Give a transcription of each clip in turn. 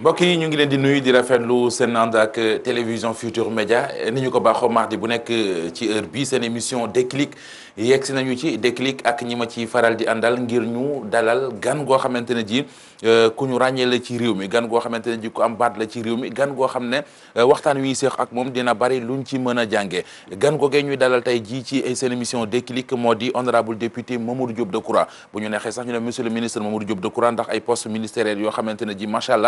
mbokk yi ñu ngi leen di nuyu di rafetlu seen ànd ak télévision Futur Média ni ñu ko baaxoo mardi bu nekk ci heure bi seen émission déclic yegg si nañu ci déclic ak ñi ma ci faral di àndal ngir ñu dalal gan goo xamante ne ji euh, ku ñu ràññee la ci réew mi gan goo xamante ji ku am baat la ci réew mi gan goo xam ne euh, waxtaan wi seex ak moom dina bari luñ ci mën a gan googee ñuy dalal tey jii ci seen émission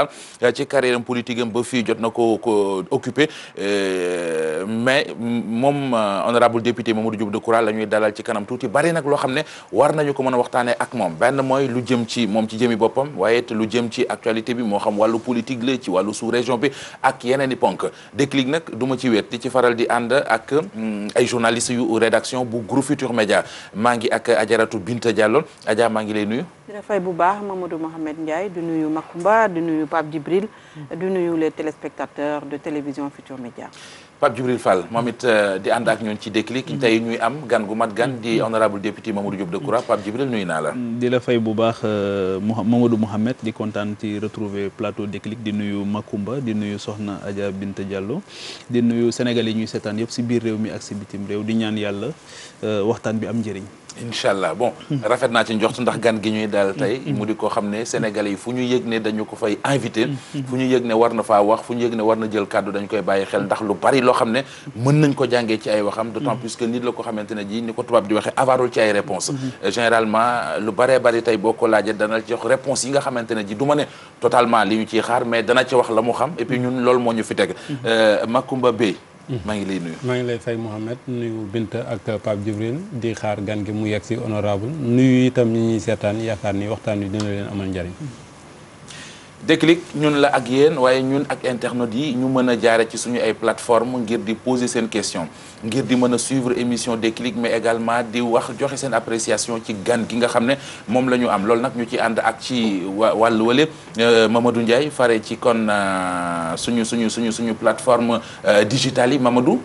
Talla euh, ci carrière politique am ba fii jot na ko ko occupé euh, mais moom euh, honorable député Mamadou Diop Decroix la ñuy dalal ci kanam tuuti bari nag loo xam ne war nañu ko mën a waxtaanee ak moom benn mooy lu jëm ci moom ci jëmi boppam waaye it lu jëm ci actualité bi moo xam wàllu politique la ci wàllu sous région bi ak yeneen i ponk déclic nag duma ci wet di ci faral di ànd ak mm, ay journalistes yu rédaction bu Groupe Futur Média maa ngi ak Ajaratu Binta Diallo Adja maa ngi la fay Pape Djibril du nuyu les téléspectateurs de télévision Futur Média Pape Djibril Fall moom it euh, di ànd ak ñoon ci déclic mm-hmm. tey ñuy am gan gu mat gan di honorable député Mamadou Diop Decroix Pape Djibril nuyu naa la mm, di la fay bu baax euh, Mamadou Mouhamed di kontaan ci retrouver plateau déclic di nuyu Makumba di nuyu Soxna Adja Binta Diallo di nuyu Sénégal yi ñuy seetaan yëpp si biir réew mi ak si bitim réew di ñaan yàlla euh, waxtaan bi am njëriñ incha allah bon rafet naa ci njort ndax gan gi ñuy daal tey mm-hmm. mu di koo xam ne sénégal yi fu ñu yëg ne dañu ko fay invité mm-hmm. fu ñu yëg ne war na faa wax fu ñu yëg ne war na jël kàddu dañ koy bàyyi xel ndax lu bari loo xam ne mën nañ ko jàngee ci ay waxam d'autant mm-hmm. plus que nit la ko xamante ne ji ni ko tubaab di waxee avarul ci ay réponse euh, généralement lu baree bari tey boo ko laajee dana jox réponse yi nga xamante ne ji du ma ne totalement li ñu ciy xaar mais dana ci wax la mu xam et puis ñun moo ñu fi teg euh, Makumba Bey Mhm. maa ngi lay nuyu. maa ngi lay fay Mouhamed nuyu Binta ak Pape Djibril di xaar gan gi mu yegg si honorable nuyu itam ñi ñuy seetaan yaakaar ni waxtaan wi dina leen amal njariñ déclic ñun la ak yéen waaye ñun ak internautes yi ñu mën a jaare ci suñu ay plateforme ngir di poser seen question ngir di mën a suivre émission déclic mais également di wax joxe seen appréciation ci gan gi nga xam ne moom la ñu am loolu nag ñu ci ànd ak ci wàllu wale euh, mamadu Ndiaye fare ci kon euh, suñu suñu suñu suñu plateforme euh, digitale yi mamadu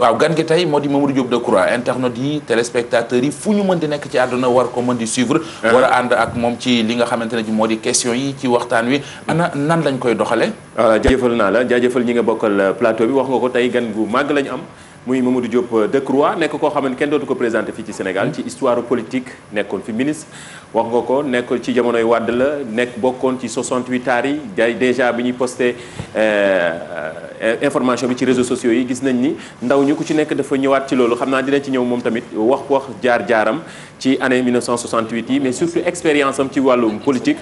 waaw gan gi tey moo di Mamadou Diop Decroix internet yi téléspectateurs yi fu ñu mën di nekk ci àdduna war ko mën di suivre eh. war a ànd ak moom ci li nga xamante ne ji moo di question yi ci waxtaan wi ana nan lañ koy doxale voilà ah, naa la jaajëfal ñi nga bokkal euh, plateau bi wax nga ko tey gan gu màgg lañu am muy Mamadou Diop euh, Decroix nekk koo xam ne kenn dootu ko présenté fii ci Sénégal hmm. ci histoire politique nekkoon fi ministre wax nga ko nekk ci jamonoy wàdd la nekk bokkoon ci 68 taar yi déjà bi ñuy posté euh, information bi ci réseaux sociaux yi gis nañ ni ndaw ñu ku ci nekk dafa ñëwaat ci loolu xam naa dina ci ñëw moom tamit wax wax jaar-jaaram ci année 1968 yi mais surtout expérience am ci wàllum politique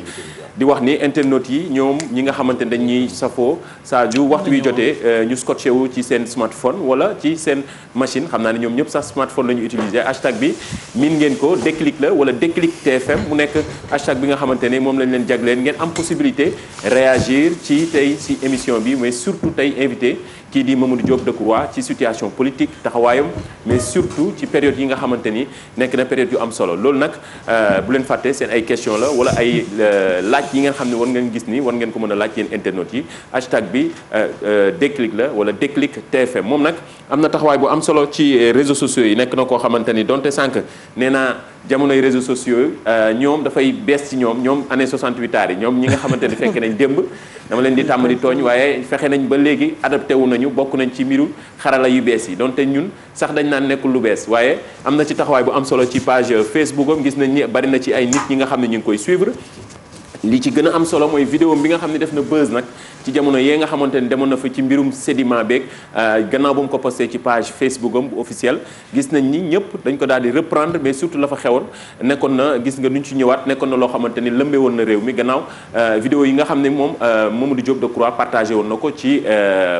di wax ni internautes yi ñoom ñi nga xamante ne dañuy safoo saa waxtu bi jotee euh, ñu scotché wu ci seen smartphone wala ci seen machine xam naa ne ñoom ñëpp sax smartphone la ñu utilisé hashtag bi min ngeen ko déclic la wala déclic TFM mu nekk hashtag bi nga xamante ne moom lañ leen jagleen ngeen am possibilité réagir ci tey si émission bi invité kii di Mamadou Diop Decroix ci situation politique taxawaayam mais surtout ci période yi nga xamante ni nekk na période yu am solo loolu nag euh, bu leen fàtte seen ay question la wala ay euh, laaj yi nga xam ne war ngeen gis ni war ngeen ko mën a laaj yéen internet yi hashtag bi euh, déclic la wala déclic TFM moom nag am na taxawaay bu am solo ci réseaux sociaux yi nekk na koo xamante ni donte sànq nee naa jamonoy réseaux sociaux ñoom dafay bees ci ñoom ñoom année 68 yi ñoom ñi nga xamante ni fekkee nañ démb nañu bokk nañ ci mbiru xarala yu bees yi donte ñun sax dañ naan nekkul lu bees waaye am na ci taxawaay bu am solo ci page Facebook gis nañ ni bari na ci ay nit ñi nga xam ne ñu ngi koy suivre li ci gën a am solo mooy vidéo bi nga xam ne def na buzz nag ci jamono yee nga xamante ni demoon na fa ci mbirum sédiment beeg euh, gannaaw ba mu ko posté ci page Facebook bu officiel gis nañ ni ñëpp dañ ko daal di reprendre mais surtout la fa xewoon nekkoon na gis nga nuñ ci ñëwaat nekkoon na loo xamante ni lëmbee woon na réew mi gannaaw euh, vidéo yi nga xam ne moom euh, Mamadou Diop Decroix partagé na ko ci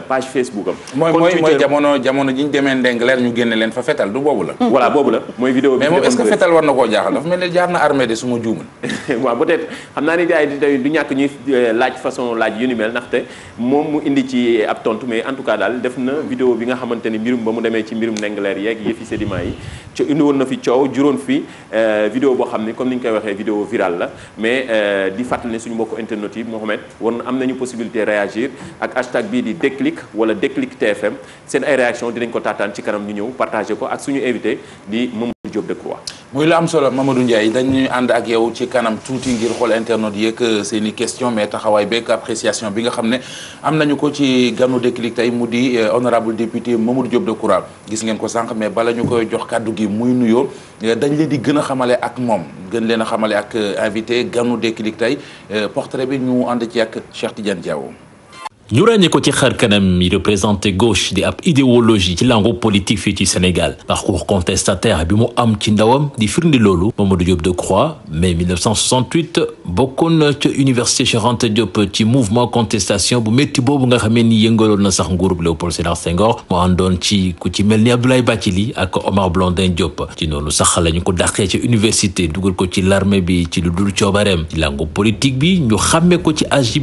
page Facebook am. mooy mooy mooy jamono jamono ji ñu demee ndeng leer ñu génne leen fa fetal du boobu la. Hmm. voilà boobu la mooy vidéo bi. mais moom est fetal war na koo jaaxal dafa mel ne jaar na armée de suma juumul. waaw peut-être xam naa ne gars yi du ñàkk ñuy laaj façon laaj yu ni mel ndax ndaxte moom mu indi ci ab tontu mais en tout cas daal def na vidéo bi nga xamante ni mbirum ba mu demee ci mbirum nengleer yeeg yëfi sédiment yi ci indi woon na fi coow juróon fi euh, vidéo boo xam ni comme ni ñu koy waxee vidéo viral la mais euh, di fàttali ne suñu mbokku internet yi Mohamed war na am nañu possibilité réagir ak hashtag bii di déclic wala déclic TFM seen ay réaction dinañ ko taataan ci kanam ñu ñëw partagé ko ak suñu invité di moom Mamadou Diop Decroix muy la am solo Mamadou Ndiaye dañuy ànd ak yow ci kanam tuuti ngir xool internet yeeg euh, seeni question mais taxawaay beeg appréciation bi nga xam ne am nañu ko ci ganu Déclic tey mu di euh, honorable député Mamadou Diop Decroix gis ngeen ko sànq mais bala ñu koy jox kàddu gi muy nuyoo euh, dañ leen di gën a xamale ak moom gën leen a xamale ak invité ganu Déclic tey portrait bi ñu ànd ci ak Cheikh Tidiane Diawo ñu ràññee ko ci xar kanam mi représenté gauche di ab idéologie ci langu politique fii ci Sénégal parcours contestataire bi mu am ci ndawam di firndi loolu Mamadou Diop Decroix mai 1968 bokkoon na ca université Cheikh Anta ci mouvement contestation bu métti boobu nga xamee ni yëngaloon na sax nguurub Léopold Sédar Senghor mu àndoon ci ku ci mel ni Abdoulaye li ak Omar Blondin Diop ci noonu sax lañu ko dàqee ci université dugal ko ci l'armée bi ci lu dul coobareem ci lango politique bi ñu xàmmee ko ci aj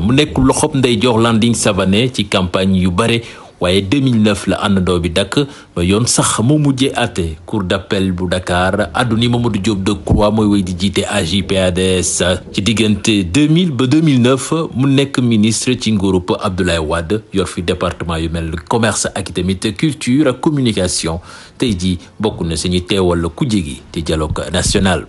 mu nekk loxob Ndeyjoor Landing Savané ci campagne yu bare waaye 2009 la àndandoo bi dakk ba yoon sax mu mujjee àtte cour d'appel bu Dakar àdduni Mamadou Diop Decroix mooy wéy di jiite AJ/PADS ci diggante 2000 ba 2009 mu nekk ministre ci nguurub Abdoulaye Wade yor fi département yu mel commerce ak tamit culture ak communication tey jii bokk na suñu teewal la ku gi te dialogue national.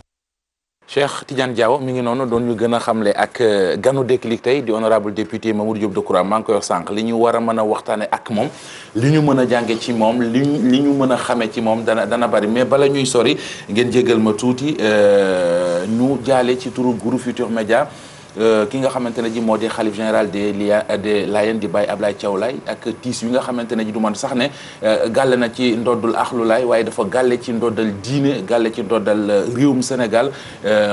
Cheikh Tidiane Diaw mu ngi noonu doon ñu gën a xamle ak euh, ganu Déclic tey di honorable député Mamadou Diop Decroix maa ngi koy wax sànq li ñu war a mën a waxtaane ak moom li ñu mën a jànge ci moom li li ñu mën a xame ci moom dana dana bari mais bala ñuy sori ngeen jégal ma tuuti euh, ñu jaale ci turu groupe Futur Média Euh, ki nga xamante ne ji moo di xalif général des lia des Layènes di Baye Ablaye Thiaw Laye ak tiis yi nga xamante ne ji du man sax ne euh, gàll na ci ndoddul axlu laay waaye dafa gàlle ci ndoddal diine gàlle ci ndoddal euh, réewum Sénégal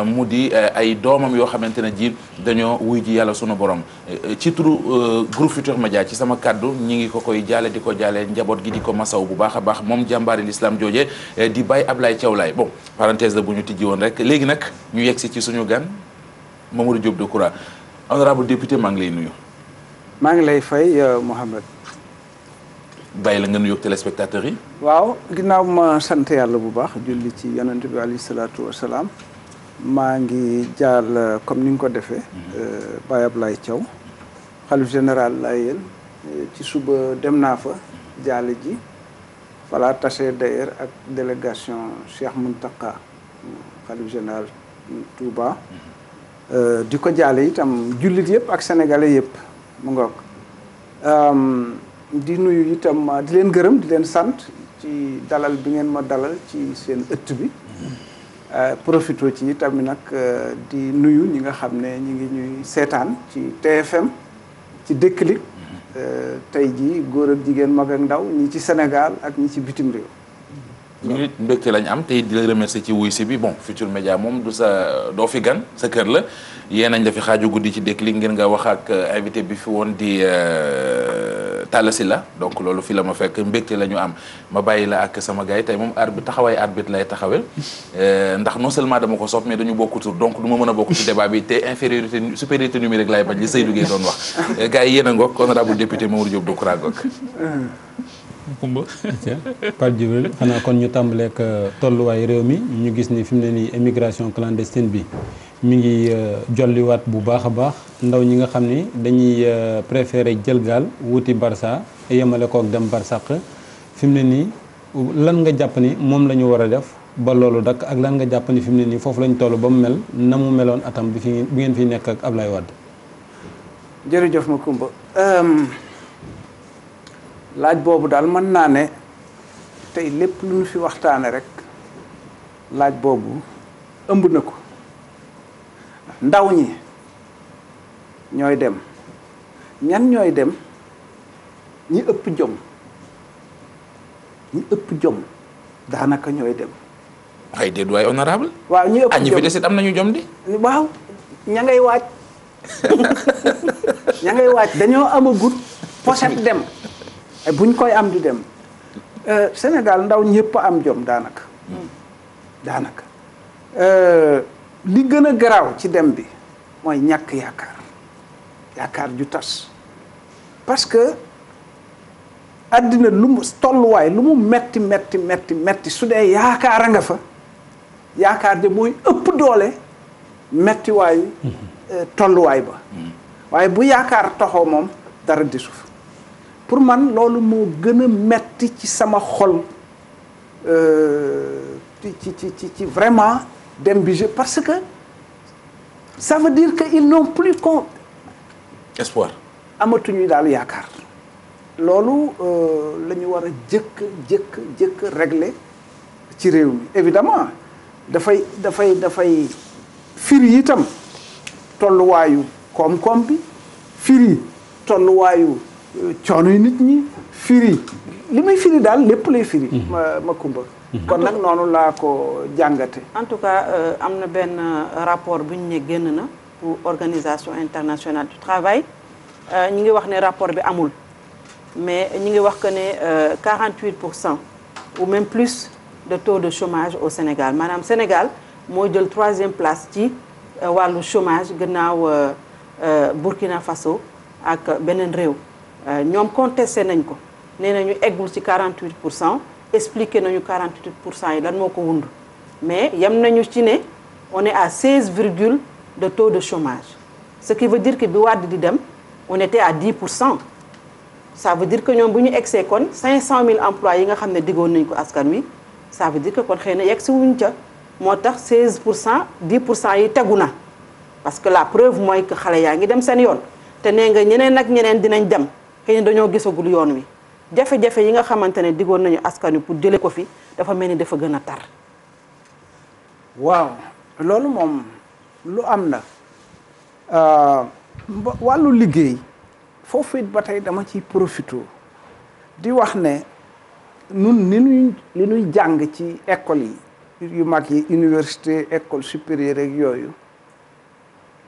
mu di ay doomam yoo xamante ne ji dañoo wuy ji yàlla sunu borom ci turu groupe Futurs Médias ci sama kaddu ñi ngi ko koy jaale di ko jaale njaboot gi di ko masaw bu baax a baax moom jàmbaari l'islam jooje di Baye Ablaye Thiaw Laye bon parenthèse la bu ñu tijji woon rek léegi nag ñu yegsi ci suñu gan moom Mamadou Diop Decroix honorable député maa ngi lay nuyu. maa ngi lay fay euh, Mouhamed. bàyyi la nga nuyoog téléspectateurs yi. waaw ginnaaw ma sant yàlla bu baax julli ci yonent bi alayhi salaatu wa maa ngi jaal euh, comme ni nga ko defee. Mhm. Euh, Baye Ablaye Thiaw. xalif général Layène ci suba dem naa fa jaale ji voilà tase d'ailleurs ak délégation Cheikh Mountakha xalif général Touba. Mhm. Euh, di ko jaale itam jullit yëpp ak sénégalais yëpp mu ngoog euh, di nuyu itam di leen gërëm di leen sant ci dalal bi ngeen ma dalal ci seen ëtt bi euh, profito ci itam nag di nuyu ñi nga xam ne ñi ngi ñuy seetaan ci TFM ci dëkk Déclic tey ji góor ak jigéen mag ak ndaw ñi ci senegal ak ñi ci bitim réew ñu it mbégte am tey di la remercier ci wuy si bi bon Futurs média moom du sa doo fi gan sa kër la yéen nañ la fi xaaju guddi ci D'clique ngeen nga wax ak euh, invité bi fi woon di euh, Talla Sylla donc loolu fi la ma fekk mbégte la ñu am ma bàyyi la ak sama gars moom arbitre taxawaay arbitre lay taxawee euh, ndax non seulement dama ko sopp mais dañu bokk tur donc du ma mën a bokk ci débat bi te infériorité supériorité numérique laay bañ li Seydou Gueye doon wax gars yi yéen a ngoog honorable député Mamadou Diop Decroix ngoog Kumba. Pape Djibril xanaa kon ñu tàmbaleek euh, tolluwaay réew mi ñu gis ni fi mu ne nii émigration clandestine bi mu ngi euh, jolliwaat bu baax a baax ndaw ñi nga xam ni dañuy euh, préféré jël gaal wuti Barça yemale kook dem Barsàq fi mu ne nii lan nga jàpp ni moom la ñu war a def ba loolu dakk ak lan nga jàpp ni fi mu ne nii foofu lañ toll ba mu mel na mu meloon atam bi fi bi ngeen fi nekk ak Ablaye Wade. jërëjëf Macoumba. laaj boobu daal mën naa ne tey lépp lu ñu fi waxtaane rek laaj boobu ëmb na ko ndaw ñi ñooy dem ñan ñooy dem ñi ëpp jom ñi ëpp jom daanaka ñooy dem waaye déet waaye honorable waaw ñi ëpp jom am nañu jom waaw ña ngay waaj ña ngay waaj dañoo amagut poset dem buñ koy am di dem euh, Sénégal ndaw ñëpp am jom daanaka. daanaka euh, li gën a garaaw ci dem bi mooy ñàkk yaakaar yaakaar ju tas parce que àddina lu mu tolluwaay lu mu metti metti metti su dee yaakaar a nga fa yaakaar de mooy ëpp doole mettiwaayu mm-hmm. euh, tolluwaay ba mm-hmm. waaye bu yaakaar toxoo moom dara di suuf pour man loolu moo gën a metti ci sama xol euh, ci ci ci ci vraiment dem bi je parce que ça veut dire que il no plus qu'un espoir amatuñu daal yaakaar loolu euh, la ñu war a jëkk jëkk jëkk régler ci réew mi évidemment dafay dafay dafay firi itam tolluwaayu koom-koom bi firi tolluwaayu coono yi nit ñi firi li may firi daal lépp lay firi mhm. ma ma kumba mhm. kon nag noonu laa ko jàngate en tout cas euh, am na benn euh, rapport bu ñu ne génn na pour organisation internationale du travail euh, ñu ngi wax ne rapport bi amul mais ñu ngi wax que ne 48 pour cent ou même plus de taux de chômage au Sénégal maanaam Sénégal moo jël troisième place ci wàllu chômage gannaaw Burkina Faso ak beneen réew Euh, ñoom contesté nañ ko nee nañu eggul ci quarante 48 pour cent expliquer nañu 48 pour cent yi lan moo ko wund mais yem nañu ci ne on est à 16 virgule de taux de chômage ce qui veut dire que bi Wade di dem on te à 10 pour cent ça veut dire que ñoom bu ñu egg egsee kon mille emplois yi nga xam ne diggoon nañ ko askan wi ça veut dire que kon xëy na yegg si wuñ ca moo tax 16 pour cent 10 pour cent yi tegu na parce que la preuve mooy que xale yaa ngi dem seen yoon te nee nga ñeneen ak ñeneen dinañ dem xëy dañoo gisagul yoon wi jafe-jafe yi nga xamante ne digoon nañu askan wi pour jëlee ko fi dafa mel ni dafa gën a tar. waaw loolu moom lu am na euh, wàllu liggéey foofu it ba tey dama ciy profité di wax ne nun ni ñuy li ñuy jàng ci école yi yu mag yi université école supérieure ak yooyu.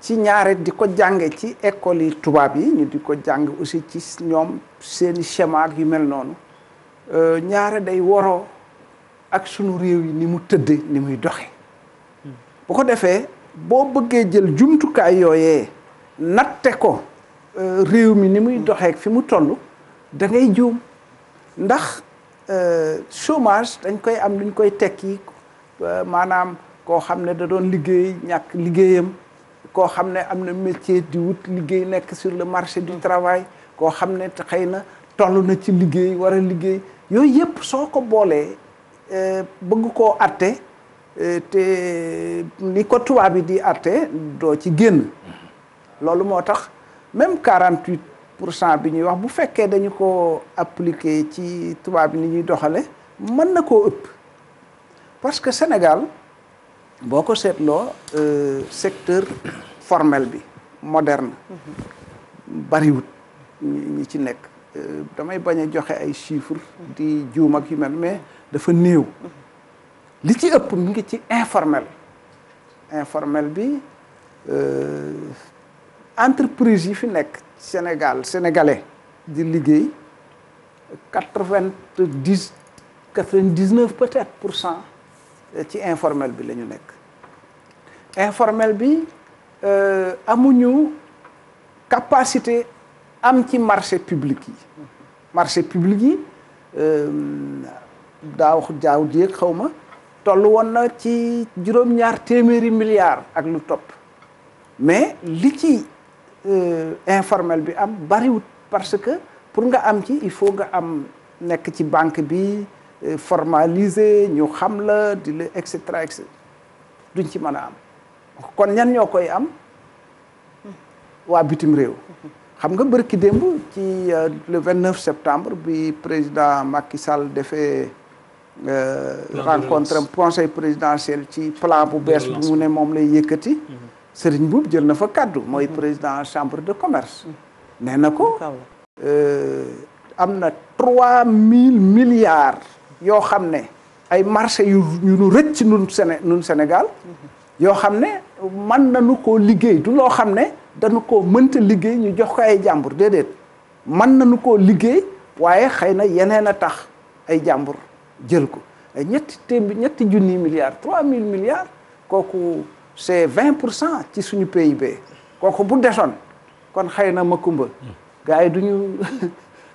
ci ñaare di ko jànge ci école yi tubaab yi ñu di ko jàng aussi ci ñoom seeni schéma ak yu mel noonu euh, ñaare day waroo ak sunu réew yi ni mu tëdde ni muy doxe bu ko defee boo bëggee jël jumtukaay yooyee natte ko euh, réew mi ni muy doxeek fi mu toll dangay ngay juum ndax euh, chômage dañ koy am luñ koy tekki maanaam koo xam ne da doon liggéey ñàkk liggéeyam koo xam ne am na métier di wut liggéey nekk sur le marché du travail koo xam ne xëy na toll na ci liggéey war a liggéey yooyu yëpp soo ko boolee euh, bëgg koo atte euh, te ni ko tubaab bi di atte doo ci génn loolu moo tax même 48 pour cent bi ñuy wax bu fekkee dañu ko appliquer ci tubaab bi ni ñuy doxale mën na koo ëpp parce que Sénégal boo ko seetloo euh, secteur formel bi moderne bariwut ñi ci nekk euh, damay bañ a joxe ay chiffre di juum ki yu mel mais dafa néew li ci ëpp mu ngi ci informel informel bi euh, entreprise yi fi nekk Sénégal sénégalais di liggéey quatre-vingt-dix quatre-vingt-dix-neuf peut-être pour cent ci informel bi lañu nekk informel bi euh, amuñu capacité am ci marché public yi marché public yi euh, daaw jaaw jéeg xaw ma toll woon na ci juróom-ñaar téeméeri milliards ak lu topp mais li ci euh, informel bi am bariwut parce que pour nga am ci il faut nga am nekk ci banque bi Euh, formalisé ñu xam la di la et cetera et ci mën a am kon ñan ñoo koy am waa bitim réew xam nga bërki démb ci euh, le 29 septembre bi président Macky Sall defee euh, rencontre conseil présidentiel ci plan bu bees bi mu ne moom lay yëkkati mm-hmm. Serigne bu jël na fa kàddu mooy mm-hmm. président chambre de commerce mm-hmm. nee na ko am na 3000 milliards yoo xam ne ay marché yu yu nu rëcc nun Sénégal yoo xam ne man nañu ko liggéey du loo xam ne dañu ko mënta liggéey ñu jox ko ay jàmbur déedéet man nañu ko liggéey waaye xëy na yeneen a tax ay jàmbur jël ko ñetti téeméer ñetti junni milliards trois mille milliards kooku c'est vingt pour cent ci suñu PIB kooku bu desoon kon xëy na ma kumba gars yi duñu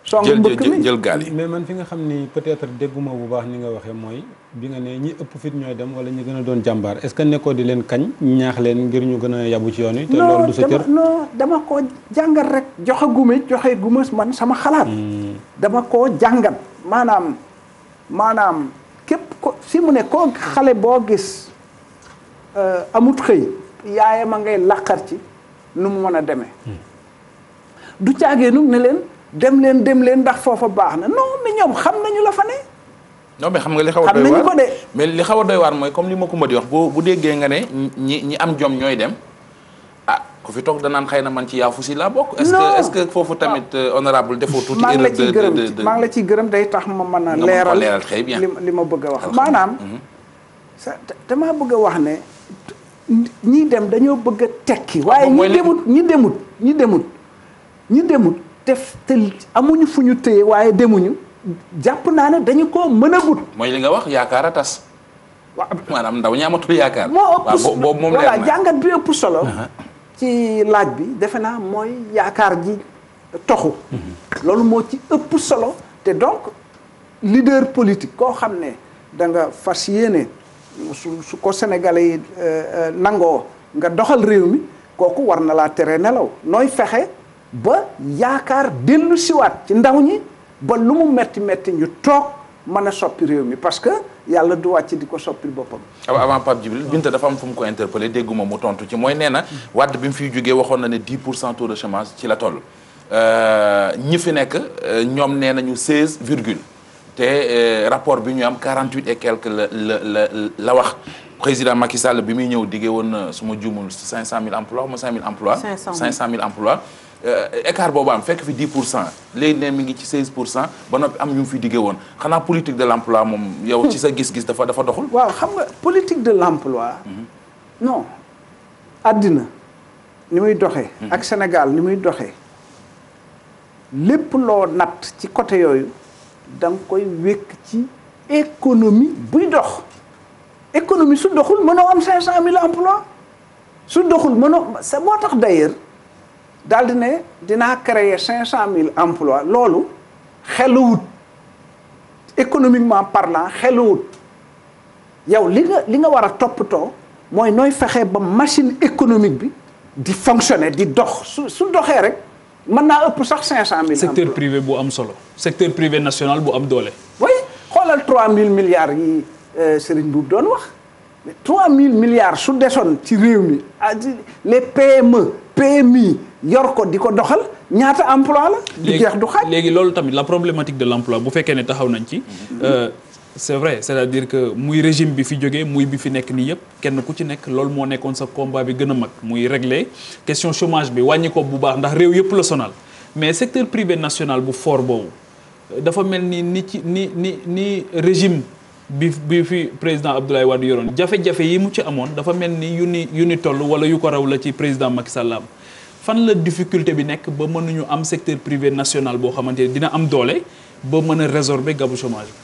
song mbëkk mi jël gaal yi mais man fi nga xam ni peut-être dégguma bu baax ni nga waxee mooy bi nga ne ñi ëpp fit ñooy dem wala ñi gën a doon jàmbaar est-ce que nekkoo di leen kañ ñaax leen ngir ñu gën a yabu ci yoon yi te loolu du sa cër non dama koo jàngal rek joxe guma joxe guma man sama xalaat hmm. dama koo jàngat maanaam maanaam képp ko si mu ne koo xale boo gis euh, amut xëy yaayam a ngay làqar ci nu mu mën a demee hmm. du caagee nu ne leen dem leen dem ndax foofa baax na non mais ñoom xam nañu la fa ne. non mais xam nga li xaw a doy ko de. mais li xaw a doy waar mooy comme li ma ko ma di wax bu déggee nga ne ñi ñi am jom ñooy dem ah ku fi toog danaan xëy na man ci yaafu si laa bokk. est-ce que foofu tamit ah. euh, honorable defoo tuuti. erreur de de de maa la ciy gërëm day tax ma mën a. leeral ma bëgg a wax maanaam. Mhm. dama bëgg a wax ne ñi dem dañoo bëgg a tekki. Ah waaye ñi demut ñi demut ñi demut ñi demut. def te amuñu fu ñu téye waaye demuñu jàpp naa ne dañu ko mën a gudd. mooy li nga wax yaakaar a tas. waaw maanaam ndaw ñi amatul yaakaar. moo ëpp moom leer jàngat bi ëpp solo. ci laaj bi defe naa mooy yaakaar ji toxu. Mhm. loolu moo ci ëpp solo. te donc leader politique koo xam ne danga nga fas yéene su su ko Sénégalais yi euh, euh, nangoo nga doxal réew mi kooku war na laa tere nelaw nooy fexe. ba yaakaar dellu siwaat ci ndaw ñi ba lu mu metti metti ñu toog mën a soppi réew mi parce que yàlla du wàcc di ko soppil boppam avant Pape Djibril Binta dafa am fu mu ko interpellé dégguma mu tontu ci mooy nee na Wade bi mu fiy jógee waxoon na ne di pour cent taux de chômage ci la toll euh, ñi fi nekk euh, ñoom nee nañu 16 virgule te euh, rapport bi ñu am 48 et quelque la la la wax président Macky Sall bi muy ñëw diggee woon suma juumul 500000 emplois ma 5000 emplois 500000 emplois Euh, écart boobu am fekk fi 10 pour cent léegi ne mi ngi ci 16 pour cent ba noppi am ñu fi diggee woon xanaa politique de l' emploi moom yow ci sa gis-gis dafa dafa doxul waaw xam nga politique de l' emploi mhm. non àddina ni muy doxee mhm. ak Sénégal ni muy doxee lépp loo natt ci côté yooyu da nga koy wékk ci économie buy dox économie su doxul mënoo am 500 000 emplois su doxul mënoo sa moo tax d' daal di ne dinaa créer cinq cent mille emplois loolu xeluwut économiquement parlant xeluwut yow li nga li nga war a toppatoo mooy nooy fexe ba machine économique bi di fonctionner di dox su su doxee rek mën naa ëpp sax cinq cent mille secteur privé bu am solo secteur privé national bu am doole oui xoolal trois mille milliards yi euh, Serigne Boub doon wax mais trois mille milliards su desoon ci réew mi ah, le PME PMI yor ko di ko doxal ñaata emploi la. du jeex du xaaj léegi loolu tamit la problématique de l' bu fekkee ne taxaw nañ ci. Mhm. Euh, c' est vrai c' à dire que muy régime bi fi jógee muy bi fi nekk nii yëpp kenn ku ci nekk loolu moo nekkoon sa combat bi gën a mag muy régler question chômage bi wàññi bu baax ndax réew yëpp la sonal mais secteur privé national bu foor boobu dafa mel nii ni ci nii nii ni régime. bi bi fi président Abdoulaye Wade yoroon jafe-jafe yi mu ci amoon dafa mel ni yu ni yu ni toll wala yu ko raw la ci président Macky Sall fan la difficulté bi nekk ba nañu am secteur privé national boo xamante ne dina am doole ba mën a résorber gabu chômage bi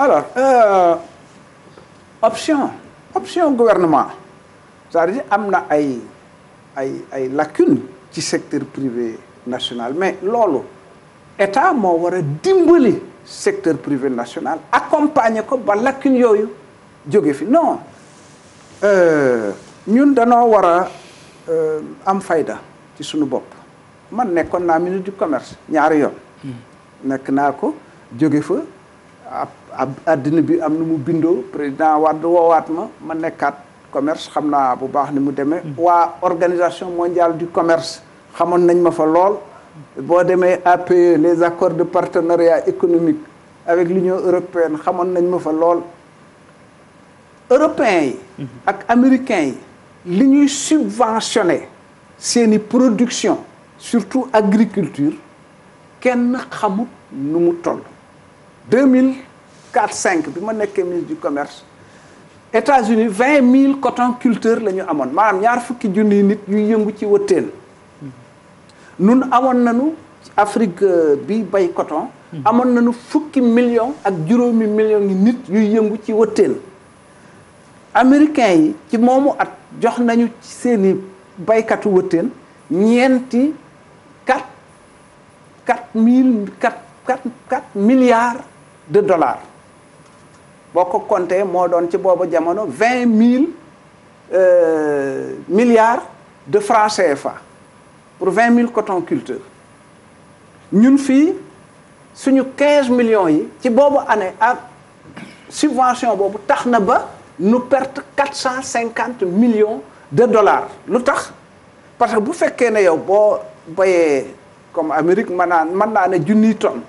alors euh, option option gouvernement c'est-à-dire am na ay ay ay lacunes ci secteur privé national mais loolu état moo war dimbali secteur privé national accompagner ko ba lacune yooyu jóge fi non euh, ñun danoo war a euh, am fayda ci suñu bopp man nekkoon naa ministre du commerce ñaari yoon hmm. nekk naa ko jóge fa ab àddina bi am na mu bindoo président Wade woowaat ma ma nekkaat commerce xam naa bu baax ni mu demee hmm. waa organisation mondial du commerce xamoon nañ ma fa lool boo demee APE les accords de partenariat économique avec l'Union européenne xamoon nañ ma fa lool européens yi mhm. ak américains yi li ñuy subventionné seeni production surtout agriculture kenn xamut nu mu toll deux mille quatre cinq bi ma nekkee ministre du commerce États-Unis vingt mille cotonculteurs la ñu amoon maanaam ñaar fukki junni nit yuy yëngu ci wëtteen nun amoon nañu Afrique euh, bi bay coton hmm. amoon nañu fukki million ak juróomi million yi nit yuy yëngu ci wëttéen américains yi ci moomu at jox nañu seeni baykatu wëttéen ñeenti quatre quatre mille quatre quatre milliards de dollars boo ko compté moo doon ci boobu jamono vingt mille euh, milliards de francs CFA pour vingt mille coton culteurs ñun fii suñu quinze millions yi ci boobu année ak subvention boobu tax na ba nu perte quatre cent cinquante millions de dollars lu tax parce que bu fekkee ne yow boo bayee comme Amérique manaan naa mën naa ne junniy tonnes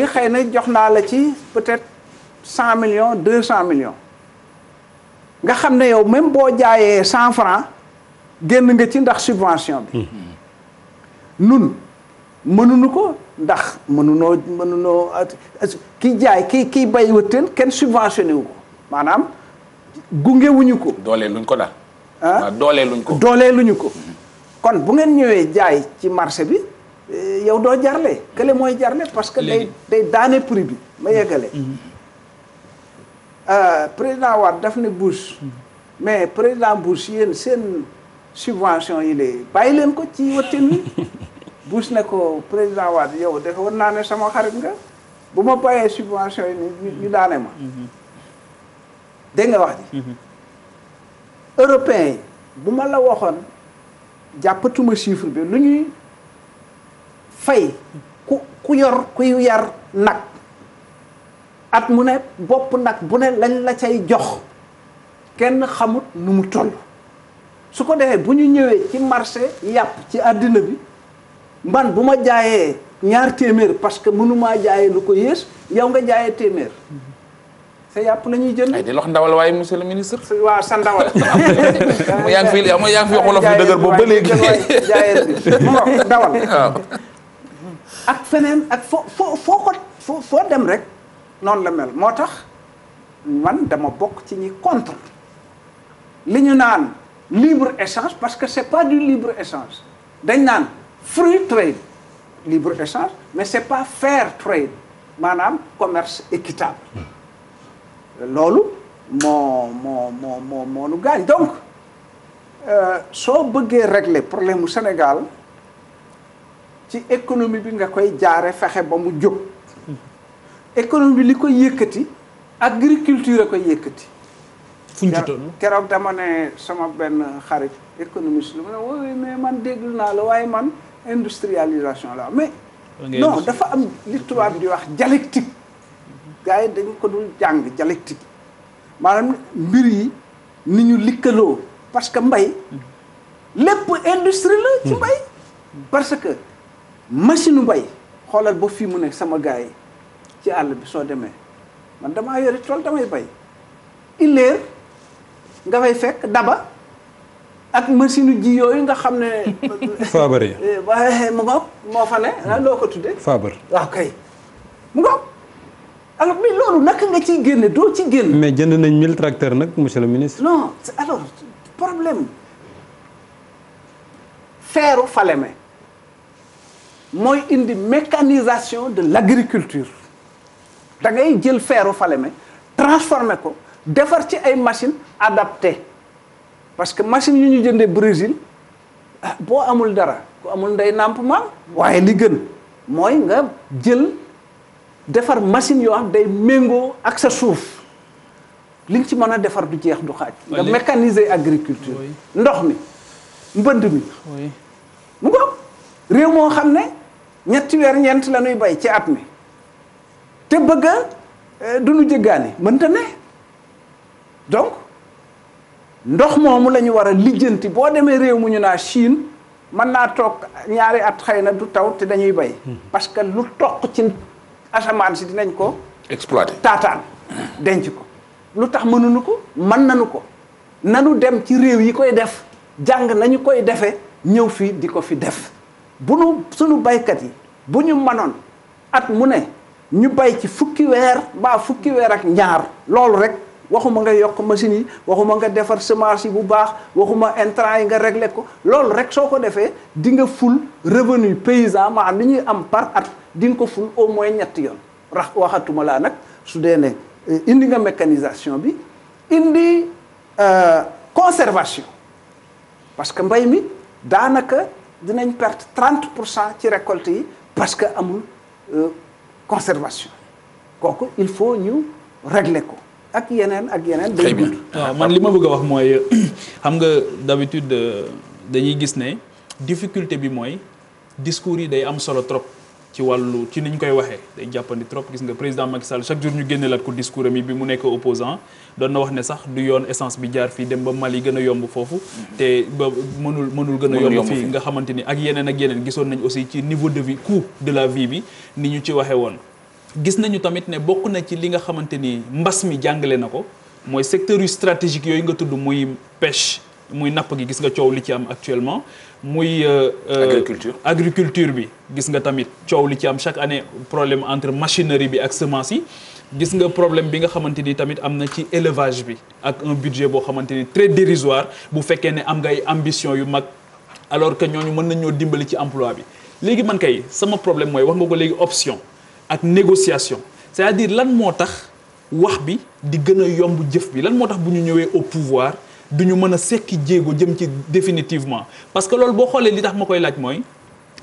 yi xëy na jox naa la ci peut-être cent millions deux cent millions nga xam ne yow même boo jaayee cent francs génn nga ci ndax subvention bi hmm. nun mënuñu ko ndax mënunoo mënunoo ki jaay ki kiy bay wëttéen kenn subventionné wu ko maanaam gungewuñu ko doolee luñ ko daal ah doolee luñ ko doolee luñu ko hmm. kon bu ngeen ñëwee jaay ci marché bi eh, yow doo jarle kële mooy jarle parce que day day daane prix bi ma hmm. yeggale euh, président waat daf ne Bush mais président Bush yéen seen subvention yi léegi bàyyi leen ko ci wattin wi na ko président waat yow defe war naa ne sama xarit nga bu ma bàyyee subvention yi ñu daane ma mm-hmm. dégg nga wax ji mm-hmm. européen yi bu ma la waxoon jàppatuma chiffre bi lu ñuy fay ku ku yor kuy yar nag at mu ne bopp nag bu ne lañ la cay jox kenn xamut nu mu toll su ko defee bu ñu ñëwee ci marché yàpp ci àddina bi man bu ma jaayee ñaar téeméer parce que mënumaa jaayee lu ko yées yow nga jaayee téeméer sa yàpp la ñuy jënd. ay di lox ndawal waaye monsieur le ministre. waaw sa ndawal. yaa ngi fi yaa ngi fi xolof yu ak feneen ak foo foo foo ko foo foo dem rek noonu la mel moo tax man dama bokk ci ñi contre li ñu naan. libre échange parce que c'est pas du libre échange dañ naan free trade libre échange mais c'est pas fair trade maanaam commerce équitable loolu moo moo moo moo moo nu gaañ donc euh, soo bëggee régler problème mu Sénégal ci économie bi nga koy jaare fexe ba mu jóg économie bi li koy yëkkati agriculture a koy yëkkati fuñ ci toll keroog dama ne sama benn xarit économiste lu mu ne woowee mais man déglu naa la waaye man industrialisation la mais non dafa am li tubaab di wax dialectique gars yi dañ ko dul jàng dialectique maanaam mbir yi ni ñu likkaloo parce que mbay lépp industrie la ci mbay parce que machine u mbay xoolal ba fii mu nekk sama gars yi ci àll bi soo demee man damaa yori tool damay bay ileer nga fay fekk daba ak machine ji yooyu nga xam ne. faabar yi. Eh, eh, mu moo fa ne ah, hmm. loo ko tuddee. faabar waaw ah, kay mu ngoog alors mais loolu naka nga ciy génne doo ci génn. mais jënd nañ mille tracteurs nag monsieur le ministre. no alors problème feeru Falémé mooy indi mécanisation de l' agriculture da ngay jël feeru Falémé transformé ko. defar ci ay machine adapté parce que machine yu ñu jëndee Brésil ah, boo amul dara ku amul ndey nàmp maam waaye li gën mooy nga jël defar machine yoo xam day méngoo ak sa suuf li ci mën a defar du jeex du xaaj nga mécaniser agriculture ndox mi mbënd mi mu ngo réew moo xam ne ñetti weer ñeent la bay ci at mi te bëgg euh, du nu jëggaani mënta ne donc ndox moomu lañu ñu lijjanti boo demee réew mu ñu naa Chine mën naa toog ñaari at xëy na du taw te dañuy bay hmm. parce que lu toq ci asamaan si dinañ ko exploité taataan denc ko lu tax mënuñu ko mën nañu ko nanu dem ci réew yi koy def jàng nañu koy defee ñëw fii di ko fi def bu nu suñu baykat yi bu ñu mënoon at mu ne ñu bay ci fukki weer mbaa fukki weer ak ñaar loolu rek waxuma nga yokk machine yi waxuma nga defar semence yi bu baax waxuma intrant yi nga réglé ko loolu rek soo ko defee di nga ful revenu paysan maanaam ni ñuy am par at di ko ful au moins ñetti yoon rax waxatuma laa nag su dee ne eh, indi nga mécanisation bi indi euh, conservation parce que mbay mi daanaka dinañ perte 30 pour cent ci récolte yi parce que amul euh, conservation kooku il faut ñu régler ko ak yeneen ak yeneen. day gudd man li ma bëgg a wax mooy xam nga d'habitude euh, dañuy gis ne difficulté bi mooy discours yi day am solo trop ci wàllu ci ni ñu koy waxee day jàppandi trop gis nga président Macky Sall chaque jour ñu génne laat ko discours am yi bi mu nekk opposant doon na wax ne sax du yoon essence bi jaar fii dem ba Mali gën a yomb foofu. Mm-hmm. te ba mënul mënul gën a yomb fii nga xamante ni ak yeneen ak yeneen gisoon nañ aussi ci niveau de vie coût de la vie bi ni ñu ci gis nañu tamit ne bokk na ci li nga xamante ni mbas mi jàngale na ko mooy secteur yu stratégique yooyu nga tudd muy pêche muy napp gi gis nga coow li ci am actuellement muy euh, euh, agriculture agriculture bi gis nga tamit coow li ci am chaque année problème entre machinerie bi ak semence yi gis nga problème bi nga xamante ni tamit am na ci élevage bi ak un budget boo xamante ni très dérisoire bu fekkee ne am nga ay ambition yu mag alors que ñooñu mën nañoo dimbali ci emploi bi léegi man kay sama problème mooy wax nga ko léegi option ak négociation c'est-à-dire lan moo tax wax bi di gën a yomb jëf bi lan moo tax bu ñu ñëwee au pouvoir du ñu mën a sekki jéego jëm ci définitivement parce que loolu boo xoolee li tax ma koy laaj mooy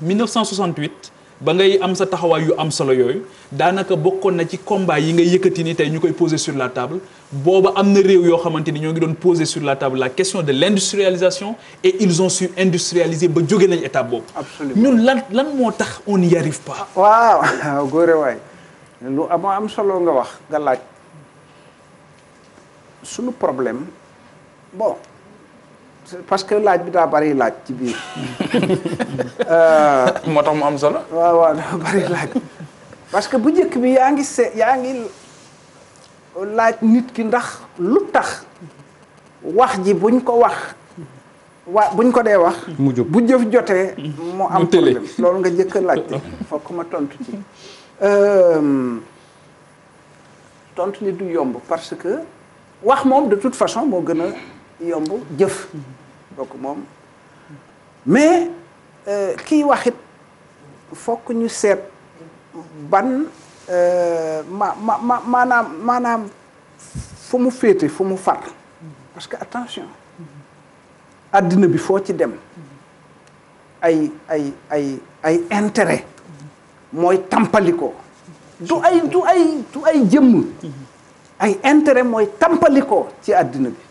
1968 ba ngay am sa taxawaay yu am solo yooyu daanaka bokkoon na ci combat yi nga yëkkati ni tey ñu koy poser sur la table booba am na réew yoo xamante ni ñoo ngi doon poser sur la table la question de l'industrialisation et ils ont su industrialiser ba jóge nañ étape boobu. absolument ñun lan lan moo tax on n'y arrive pas. waaw góore waay lu am am solo nga wax nga laaj. suñu problème bon parce que laaj bi daa bari laaj ci biir. Euh, moo tax mu am solo. waaw waaw daa bari laaj. parce que bu njëkk bi yaa ngi se yaa ngi laaj nit ki ndax lu tax wax ji buñ ko wax waa buñ ko dee wax. mu jóg bu jëf jotee. mu am problème loolu nga njëkk a laajte fokk ma tontu ci. Euh, tontu li du yomb parce que wax moom de toute façon moo gën a yomb jëf. donc moom mais euh, kiy waxit fokk ñu seet ban euh, ma ma maanaam maanaam fu mu féete fu mu far parce que attention addina bi foo ci dem ay ay ay ay intérêt mooy tampaliko du ay ay tu ay jëmm ay intérêt mooy tampaliko ci àddina bi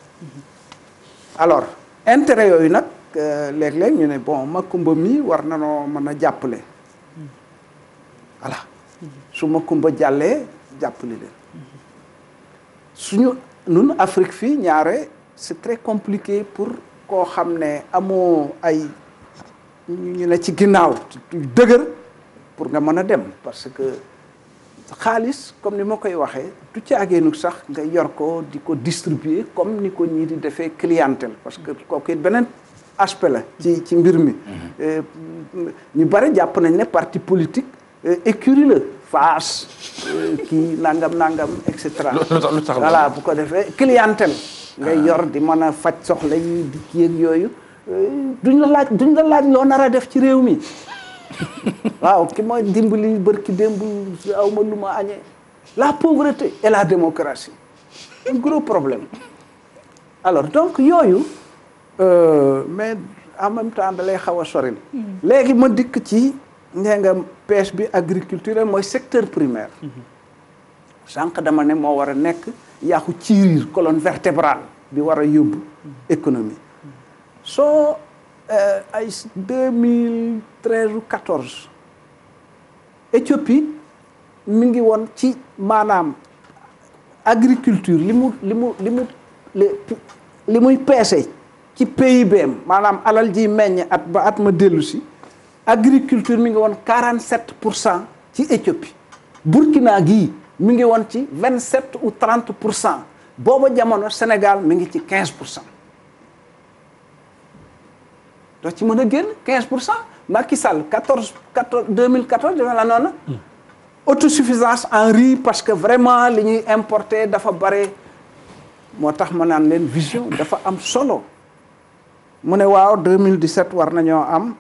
alors intérêt yooyu nag euh, léeg-léeg ñu ne bon ma Makumba mii war na noo mën a jàppale voilà su Makumba jàllee jàppale leen suñu nun Afrique fii ñaare c'est très compliqué pour koo xam ne amoo ay ñu ne ci ginnaaw dëgër pour nga mën a dem parce que xaalis comme ni ma koy waxee du caagéenu sax nga yor ko di ko distribuer comme ni ko ñii di defee clientèle parce que kooku it beneen aspect la ci ci mbir mi mhm. euh, ñu bari jàpp nañ ne parti politique euh, écurie la faas euh, kii nangam nangam et cetera voilà bu ko defee clientèle ah. ngay yor di mën a faj soxla yi di kii ak yooyu duñ la laaj duñ la laaj loo nar a def ci réew mi waaw ki ma dimbali barki démb aw ma lu ma añee la pauvreté et la démocratie un gros problème alors donc yooyu euh, mais en même temps da lay xaw a soril hmm. léegi ma dikk ci nee nga bi agriculture mooy secteur primaire hmm. sànq dama ne moo war a nekk yaaku ciiriir colonne vertébrale bi war a yóbbu hmm. économie soo Euh, ay deux mille treize ou quatorze Éthiopie mi ngi woon ci maanaam agriculture li mu li mu li mu muy peese ci PIB am maanaam alal ji meññ at ba at ma dellusi si agriculture mi ngi woon quarante sept pour cent ci Éthiopie Burkina gii mu ngi woon ci vingt sept ou trente pour cent booba jamono Sénégal mi ngi ci quinze pour cent doo ci mën a génn 15 pour cent Macky deux mille 14 2014 dama la noonu. Hmm. autosuffisance en riz parce que vraiment li importer dafa bare. moo tax ma naan leen vision dafa am solo mu ne waaw 2017 war nañoo am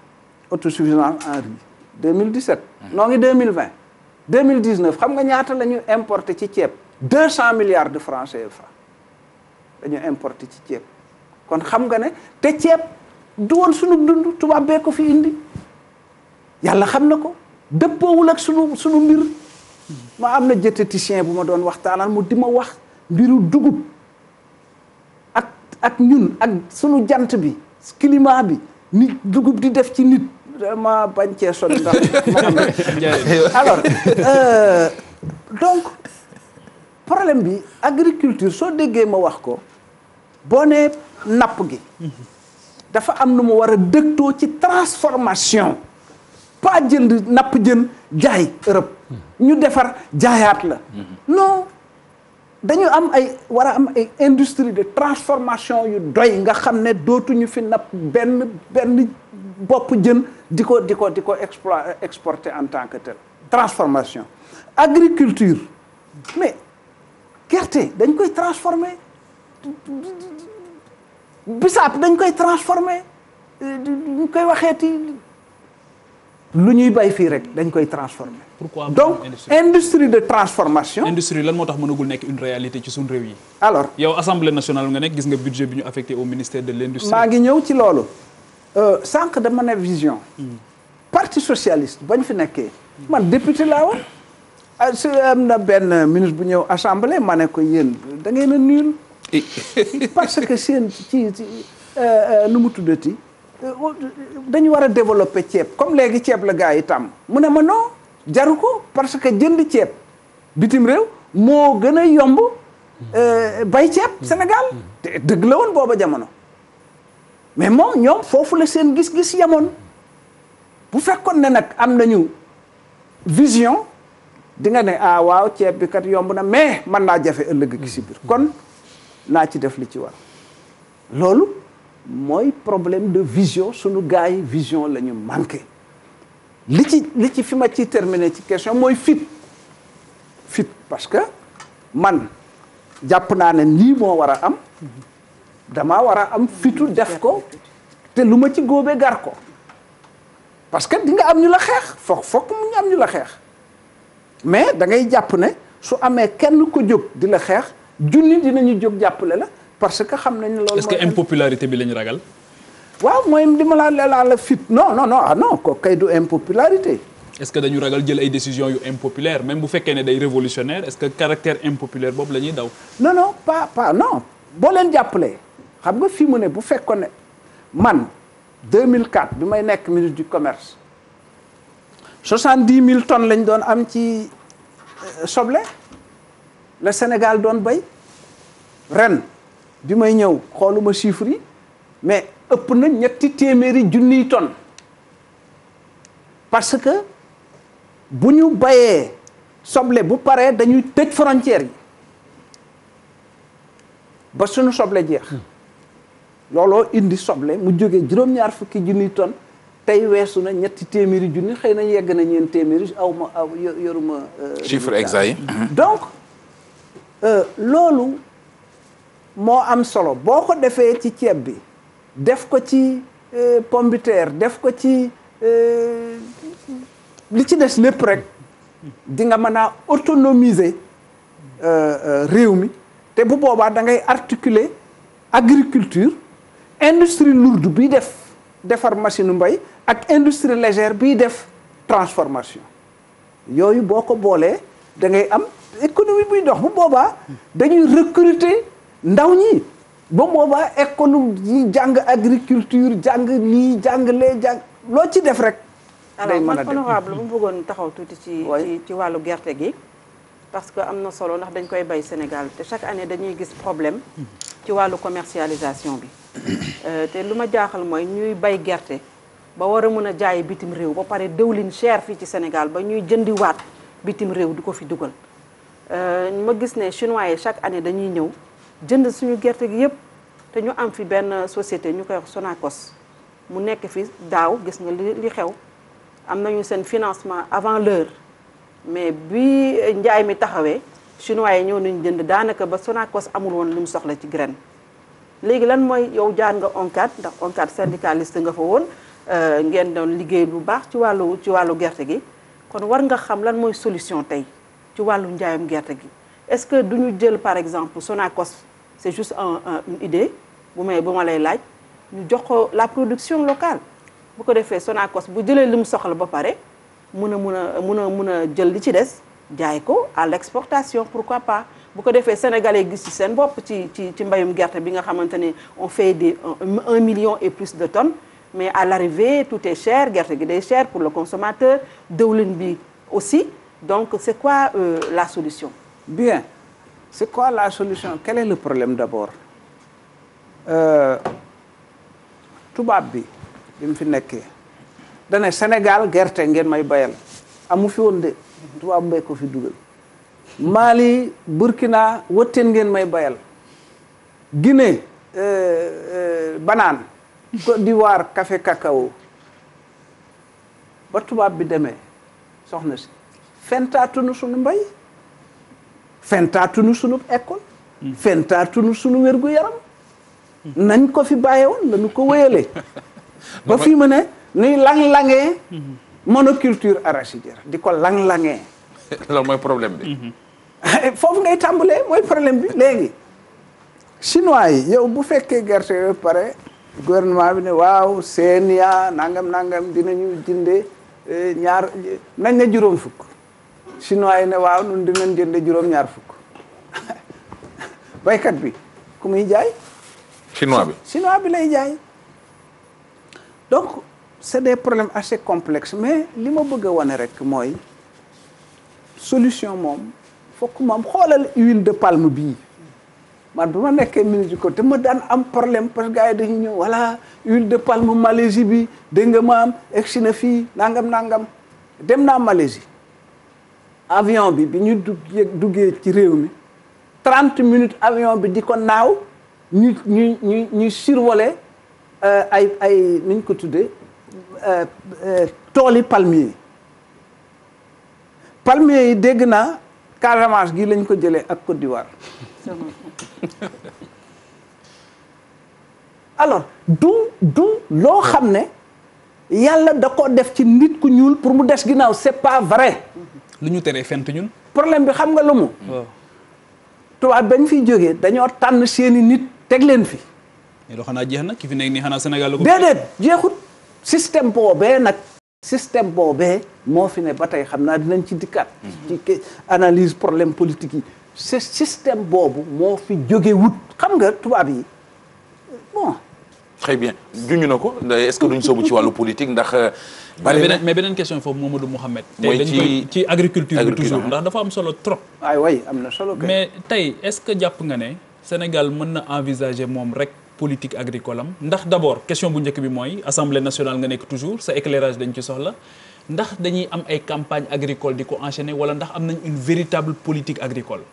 autosuffisance en riz 2017. Hmm. noo ngi 2020 2019 xam nga ñaata la importer ci ceeb deux cent milliards de francs CFA la ñu importer ci ceeb kon xam nga ne te ceeb. du woon sunu dund tubaab bee ko fi indi yàlla xam na ko dëppoowul ak sunu sunu mbir ma am na diététicien bu ma doon waxtaanal mu di ma wax mbiru dugub ak ak ñun ak sunu jant bi climat bi nit dugub di def ci nit vraiment bañ cee sonn euh, donc problème bi agriculture soo déggee ma wax ko boo nee napp gi dafa am nu mu war a dëgtoo ci transformation pas jënd napp jën jaay Europe ñu defar jaayaat la mm-hmm. non dañu am ay war a am ay industrie de transformation yu doy nga xam ne dootuñu fi napp benn benn bopp jën di ko di ko di ko exploiter exporter en tant que tel transformation agriculture mais gerte dañ koy transformer bisaab dañ koy transformé ñu koy waxeeti lu ñuy bay fii rek dañ koy transformé. pourquoi donc industrie de transformation. industrie lan moo tax mënagul nekk une réalité ci suñu réew yi. alors yow assemblée nationale nga nekk gis nga budget bi ñu affecté au ministère de l' industrie. maa ngi ñëw ci loolu. Euh, sànq dama ne vision. Hmm. parti socialiste bañ fi nekkee. man député laa woon. ah euh, si benn ministre bu ñëw assemblée ma ne ko yéen da parce que seen ci ci euh, euh, nu mu tuddati euh, dañu war a développer ceeb comme léegi ceeb la gars yi tàmm mu ne ma non jaru ko parce que jënd ceeb bitim réew moo gën a yomb bay ceeb Sénégal te dëgg la woon booba jamono mais moom ñoom foofu la seen gis-gis yamoon bu fekkoon ne nag am nañu vision di nga ne ah waaw ceeb bi kat yomb na mais mën naa jafe ëllëg gi si biir kon naa ci def li ci war loolu mooy problème de vision sunu gars yi vision la ñu manqué li ci li ci fi ma ci terminé ci question mooy fit fit parce que man jàpp naa ne lii moo war a am dama war a am fitu def ko te lu ma ci góobee gar ko parce que di nga am ñu la xeex foog foog mu ñu am ñu la xeex mais da ngay jàpp ne su amee kenn ko jóg di la xeex junni ñu jóg jàppale la parce que xam nañ ne loolu. bi lañu ragal. waaw mooy li ma la la la fit no no no ah non ko kay du impopularité. est-ce que dañu ragal jël ay décisions yu impopulaire même bu fekkee ne day révolutionnaire est-ce que caractère impopulaire boobu la ñuy daw. non non pas pas non boo leen jàppale xam nga fi mu ne bu fekkoon ne man 2004 bi may nekk ministre du commerce soixante-dix mille tonnes lañ doon am ci euh, soble. la Sénégal doon bay ren bi may ñëw xooluma chiffre yi mais ëpp na ñetti téeméeri junni ton parce que bu ñu bayee soble bu paree dañuy tëj frontière yi ba suñu soble jeex looloo indi soble mu jógee juróom-ñaar fukki junni tonnes tey weesu na ñetti téeméeri junni xëy na yegg na ñeen téeméeri aw ma aw yoruma. Euh, chiffre exact yi Euh, loolu moo am solo boo ko defee ci ceeb bi def ko ci euh, pomme de terre def ko ci euh, li ci des lépp rek dinga nga mën a autonomiser réew mi te bu boobaa dangay ngay articuler agriculture industrie lourde bi def defar machine mbay ak industrie légère bi def transformation yooyu boo ko boolee da ngay am économie buy dox bu boobaa dañuy recruter ndaw ñi ba boobaa économie yi jàng agriculture jàng ñi jàng lee jàng loo ci def rek. day mën a man honorable mu bëggoon taxaw tuuti ci ci ci wàllu gerte gi. parce que am na solo ndax dañ koy bay Sénégal te chaque année dañuy gis problème ci wàllu commercialisation bi euh, te lu ma jaaxal mooy ñuy bay gerte ba war a mën a jaay bitim réew ba pare dëwlin cher fii ci Sénégal ba ñuy jëndiwaat bitim réew du ko fi dugal. Euh, ma gis ne chinois yi chaque année dañuy ñëw jënd suñu gerte gi yëpp te ñu am fi benn société ñu ko wax sonakos mu nekk fi daaw gis nga li li xew am nañu seen financement avant l'heure mais bi njaay mi taxawee chinois yi ñëw nañu jënd daanaka ba Sonacos amul woon lu mu soxla ci graine. léegi lan mooy yow jaar nga ONCAD ndax ONCAD syndicaliste nga fa woon euh, ngeen doon liggéey bu baax ci wàllu ci wàllu gerte gi kon war nga xam lan mooy solution tey. ci wàllu njaayam gerte gi est-ce que du ñu jël par exemple Sonacos c'est juste un, un une idée bu may bu ma lay laaj ñu jox ko la production locale bu ko defee Sonacos bu jëlee li mu soxla ba pare mun a mun a mun a mun a jël li ci des jaay ko à l'exportation pourquoi pas bu ko defee sénégalais gis ci seen bopp ci ci ci mbayum gerte bi nga xamante ne on fait des un million et plus de tonnes mais à l'arrivée tout est cher gerte gi day cher pour le consommateur dëwlin bi aussi Donc, c'est quoi euh, la solution Bien. C'est quoi la solution Quel le problème d'abord euh, tubaab bi bi mu fi nekkee dana Sénégal gerte ngeen may bayal amu fi woon de tubaab mbay ko fi dugal maali Burkina wëtteen ngeen may bayal Guinée euh, euh, banaan Côte d'Ivoire café cacao ba tubaab bi demee soxna si fentaatunu sunu mbay fentaatunu sunu école fentaatunu sunu wérgu yaram nañ ko fi bàyyi woon lañu ko wéyalee ba fii mu ne nuy lang culture monoculture arachidière di ko lang lange loolu mooy problème bi mhm. foofu ngay tàmbalee mooy problème bi léegi chinois yi yow bu fekkee gerte yooyu pare gouvernement bi ne waaw seen yaa nangam nangam dinañu jëndee eh, ñaar nañ na juróom fukk chinois yi ne waaw ñun dinañ jënd juróom-ñaar fukk baykat bi ku muy jaay. chinois bi chinois bi lay jaay. donc c'est des problèmes assez complexes mais li ma bëgg a wane rek mooy solution moom fokk moom xoolal huile de palme bii ma bu ma nekkee ministre ko te ma daan am problème parce que gars yi dañuy ñëw voilà huile de palme Malaisie bi dégg nga ma am egsi na fii nangam nangam dem naa Malaisie. avion bi bi ñu dugg duggee ci réew mi trent minutes avion bi di ko naaw ñu ñu ñu ñuy survolé euh, ay ay niñ ko tuddee euh, euh, tooli palmier palmier yi dégg na Casamance gi lañ ko jëlee ak Côte d'Ivoire alors du du loo xam ne yàlla da ko def ci nit ku ñuul pour mu des ginnaaw c'est pas vrai lu ñu teree fent ñun. problème bi xam nga lu mu. tubaab bañ fi jógee dañoo tànn seeni nit teg leen fi. mais loo jeex na ki fi nekk nii xanaa Sénégal la jeexut système boobee nag. système boobee moo fi ne ba tey xam naa dinañ ci dikkaat. analyse problème politique yi. ce système boobu moo fi jóge wut xam nga tubaab yi bon. très bien juñu na ko est-ce ci wàllu politique ndax. Euh, bari na mais beneen question foofu Mamadou Mouhamed. mooy ci ci agriculture bi ndax dafa am solo trop. ay am na solo mais tey est-ce que jàpp nga ne Sénégal mën na envisager moom rek politique agricole am ndax d'abord question bu njëkk bi mooy assemblée nationale nga nekk toujours sa éclairage dañu ci soxla ndax dañuy am ay campagne agricole di ko enchaîner wala ndax am nañ une véritable politique agricole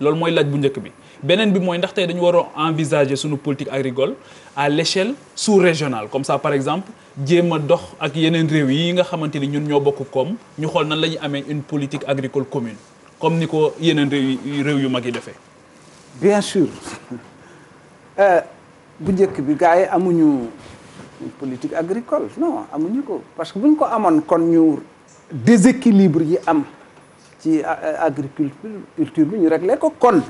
loolu mooy laaj bu njëkk bi. beneen bi mooy ndaxte dañu waroo a envisager suñu politique agricole à l'échelle sous-régionale comme ça par exemple jéem a dox ak yeneen réew yi nga xamante ni ñun ñoo bokk koom ñu xool nan la ñuy amee une politique agricole commune comme ni ko yeneen réew réew yu mag yi defee. bien sûr euh, bu njëkk bi gars yi amuñu politique agricole non amuñu ko parce que bu ko amoon kon ñu déséquilibre yi am ci agriculture bi ñu réglé ko kon.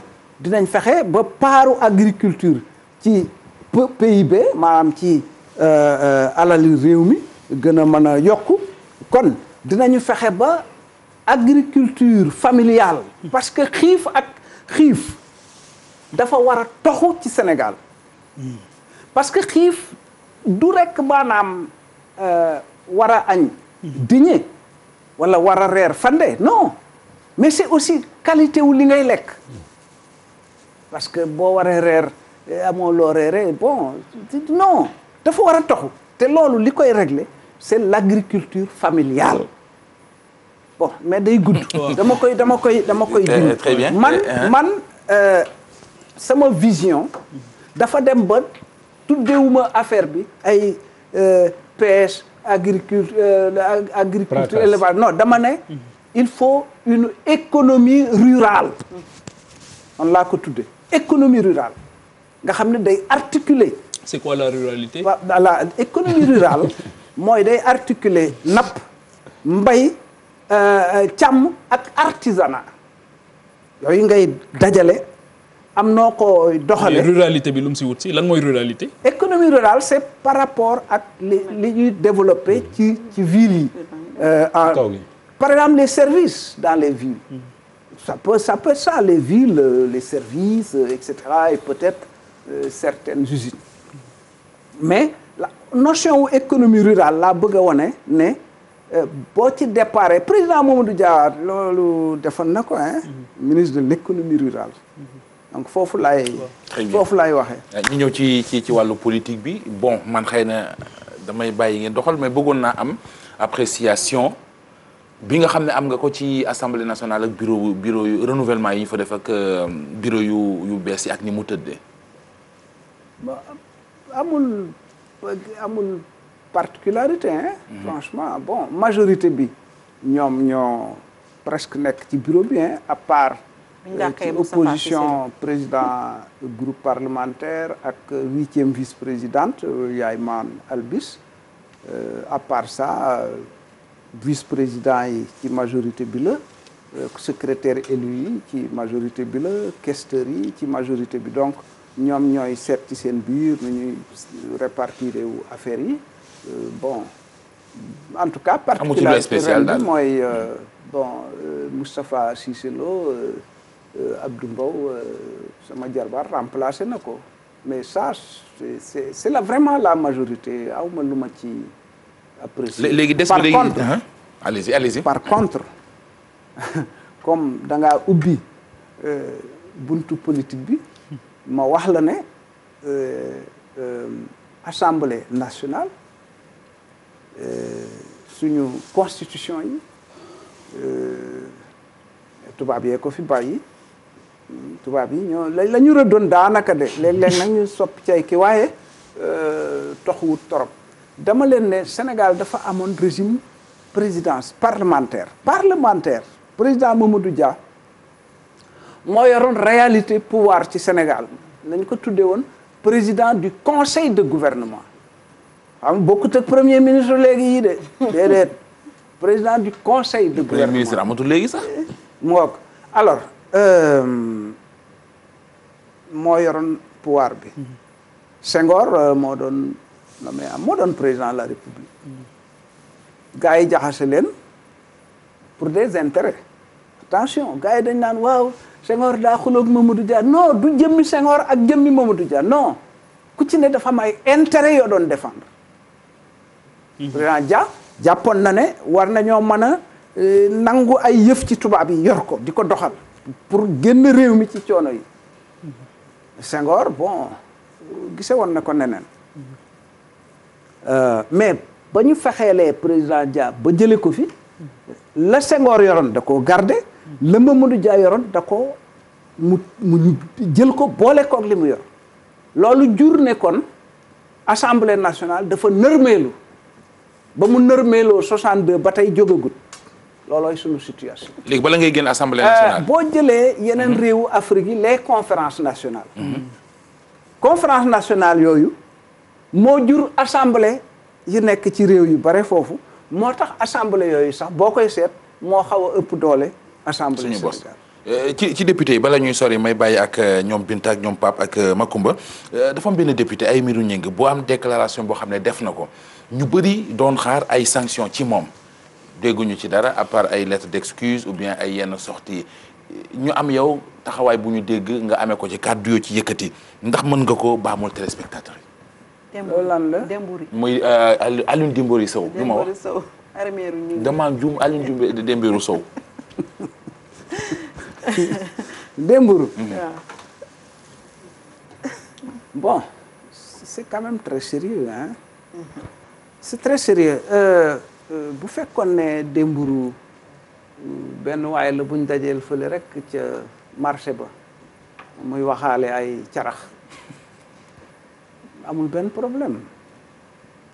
dinañ fexe ba paaru agriculture ci PIB maanaam ci euh, euh, alali réew mi gën a mën a yokku kon dinañu fexe ba agriculture familiale parce que xiif ak xiif dafa war a toxu ci Sénégal parce que xiif du rekk maanaam euh, war a añ diñe walla war a reer fande non mais c'est aussi qualité wu li ngay lekk parce que boo waree reer eh, amoo loo reere bon non dafa war a toxu te loolu li koy régler c'est l'agriculture familiale mm. bon mais day gudd dama koy dama koy dama koy eh, dund man eh, man euh, sama vision dafa dem ba tuddewuma affaire bi ay euh, pêche agriculture euh, agriculture élevage non dama ne mm-hmm. il faut une économie rurale man laa ko tudde économie rurale nga xam ne day articuler c'est quoi la ruralité waaw la économie rurale mooy day articuler nap mbay euh, euh, càmm ak artisanat yooyu ngay dajale am noo ko doxale ruralité bi lu si wut si lan mooy ruralité économie rurale c'est par rapport ak li li ñuy développé ci ci villes yi euh, par exemple les services dans les villes mm-hmm. ca peut, ça peut être ça, les villes, euh, les services, euh, etc., et peut-être euh, certaines usines. Mais la notion économie rurale laa bëgg a wane ne euh, boo ci départ président Mamadou Dia loolu defoon na ko hein mhm. ministre de l'économie rurale mhm. donc foofu laay foofu laay waxee ñu ñëw ci ci ci wàllu politique bi bon man xëy na damay bàyyi ngeen doxal mais bëggoon naa am appréciation bi nga xam ne am nga ko ci assemblée nationale ak bureau bureau yu renouvellement yi ñu fa def ak euh, bureau yu yu bees yi ak ni mu tëddee. amul amul particularité hein. Mhm. franchement bon majorité bi ñoom ñoo presque nekk ci bureau bi hein à part. Euh, ci opposition président groupe parlementaire ak huitième vice présidente euh, yaay maan Albis à part ça. vice président yi ci majorité bi la euh, secrétaire élu yi ci majorité bi la questeurs yi ci majorité bi donc ñoom ñooy seet ci seen biir nu ñuy répartir wu affaires yi euh, bon en tout cas particularité ren bi mooy euh, bon Moustapha Cissé Lo Abdou Mbow sama jarbaar remplacé na ko mais ça c'est c'est la vraiment la majorité awma lu ma ci apprécié léegi des bi par contre par contre comme danga ngaa ubbi euh, buntu politique bi ma wax la ne euh, euh, assemblée nationale suñu constitution yi tubaab yee ko fi bàyyi tubaab yi ñoo la ñu rëddoon daanaka de léeg-léeg nag ñu soppi cay ki waaye toxuwut torop dama leen ne Sénégal dafa amoon régime présidence parlementaire parlementaire président Mamadou Dia moo yoroon réalité pouvoir ci Sénégal nañ ko tuddee woon président du conseil de gouvernement xam bokkut ak premier ministre léegi yii de président du conseil de gouvernement premier ministre léegi sax mook alors euh, moo yoroon pouvoir bi mhm. Senghor euh, moo doon non mais am ah, moo doon président de la république gars yi jaxase leen pour des intérêts attention gars yi dañ naan waaw Senghor daa xuloog Mamadou Dia non du jëmmi Senghor ak jëmmi Mamadou jaa non ku ci ne dafa am ay intérêt yoo doon défendre mhm. président Dia jàppoon na ne war nañoo mën a euh, nangu ay yëf ci tubaab yi yor ko di ko doxal pour génn réew mi ci coono yi mhm. Senghor bon gise woon na ko neneen Euh, mais ba ñu fexeelee président Dia ba jëlee ko fi la Senghor yoroon da koo garde la Mamadou Dia yoroon da ko mu mu jël ko boole koog li mu yor loolu jur ne kon assemblée nationale dafa nërmeelu ba mu nërmeeloo 62 ba tey jógagut loolooy sunu situation. léegi bala ngay génn assemblée euh, nationale. boo jëlee yeneen mhm. réewu Afrique yi les conférences nationales. Mhm. conférences nationales yooyu. moo jur assemblée yi nekk ci réew yu bare foofu moo tax assemblée yooyu sax boo koy seet moo xaw a ëpp doole assemblée Sénégal euh, ci ci député yi bala ñuy sori may bàyyi ak euh, ñoom Binta ak ñoom Pape ak ma euh, Makumba dafa am benn député ay miru ñëng boo am déclaration boo xam ne def na ko ñu bëri doon xaar ay sanctions ci moom dégguñu ci dara à part ay lettres d'excuse ou bien ay yenn sorties ñu am yow taxawaay bu ñu dégg nga amee ko ci kàddu yoo ci yëkkati ndax mën nga ko baamul téléspectateur yi loolu lan la Dembouri muy euh, Alioune Dembouri Sow lu euh, mm-hmm. bon c'est quand même très sérieux hein c'est très sérieux euh, bu fekkoon ne Dembouri benn waay la buñ dajeel fële rek ca marché ba muy waxaale ay carax amul benn problème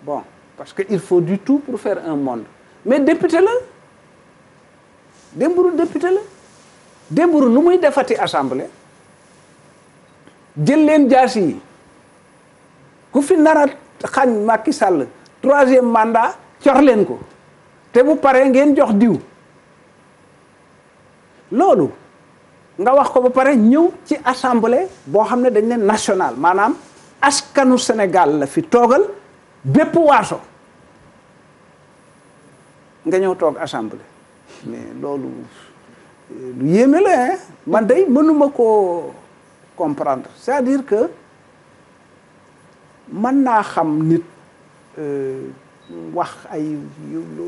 bon parce que il faut du tout pour fair un monde mais député la Dembourou député la Dembourou lu muy defati assemblée jël leen jaas yi ku fi nara xañ Macky Sall troisième mandat cor leen ko te bu pare ngeen jox diw loolu nga wax ko ba pare ñëw ci assemblée boo xam ne dañ ne national maanaam askanu Sénégal la fi toogal bépp waaso nga ñëw toog assemblée mais loolu lu yéeme la hein man day mënuma koo comprendre c'est-à-dire que man naa xam nit euh, wax ay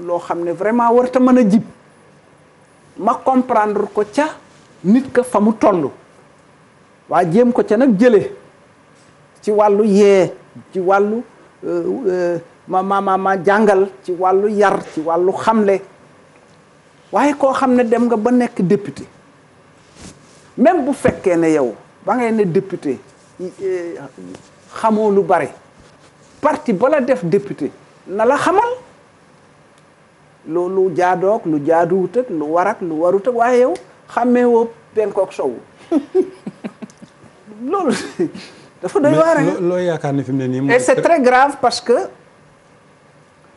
loo xam ne vraiment war ta mën a jib ma comprendre ko ca nit ka fa mu toll waa jéem ko ca nag jële ci wàllu yee ci wàllu euh, euh, ma ma ma jàngal ci wàllu yar ci wàllu xamle waaye koo xam ne dem nga ba nekk député même bu fekkee ne yow ba ngay ne député e, xamoo lu bare parti bala def député na la xamal lu lu jaadoog lu jaaduwut ak lu war lu warut waaye yow xàmmee penkook sow loolu dafa doy waar mais yaakaar na fi mu ne nii. et c'est très grave parce que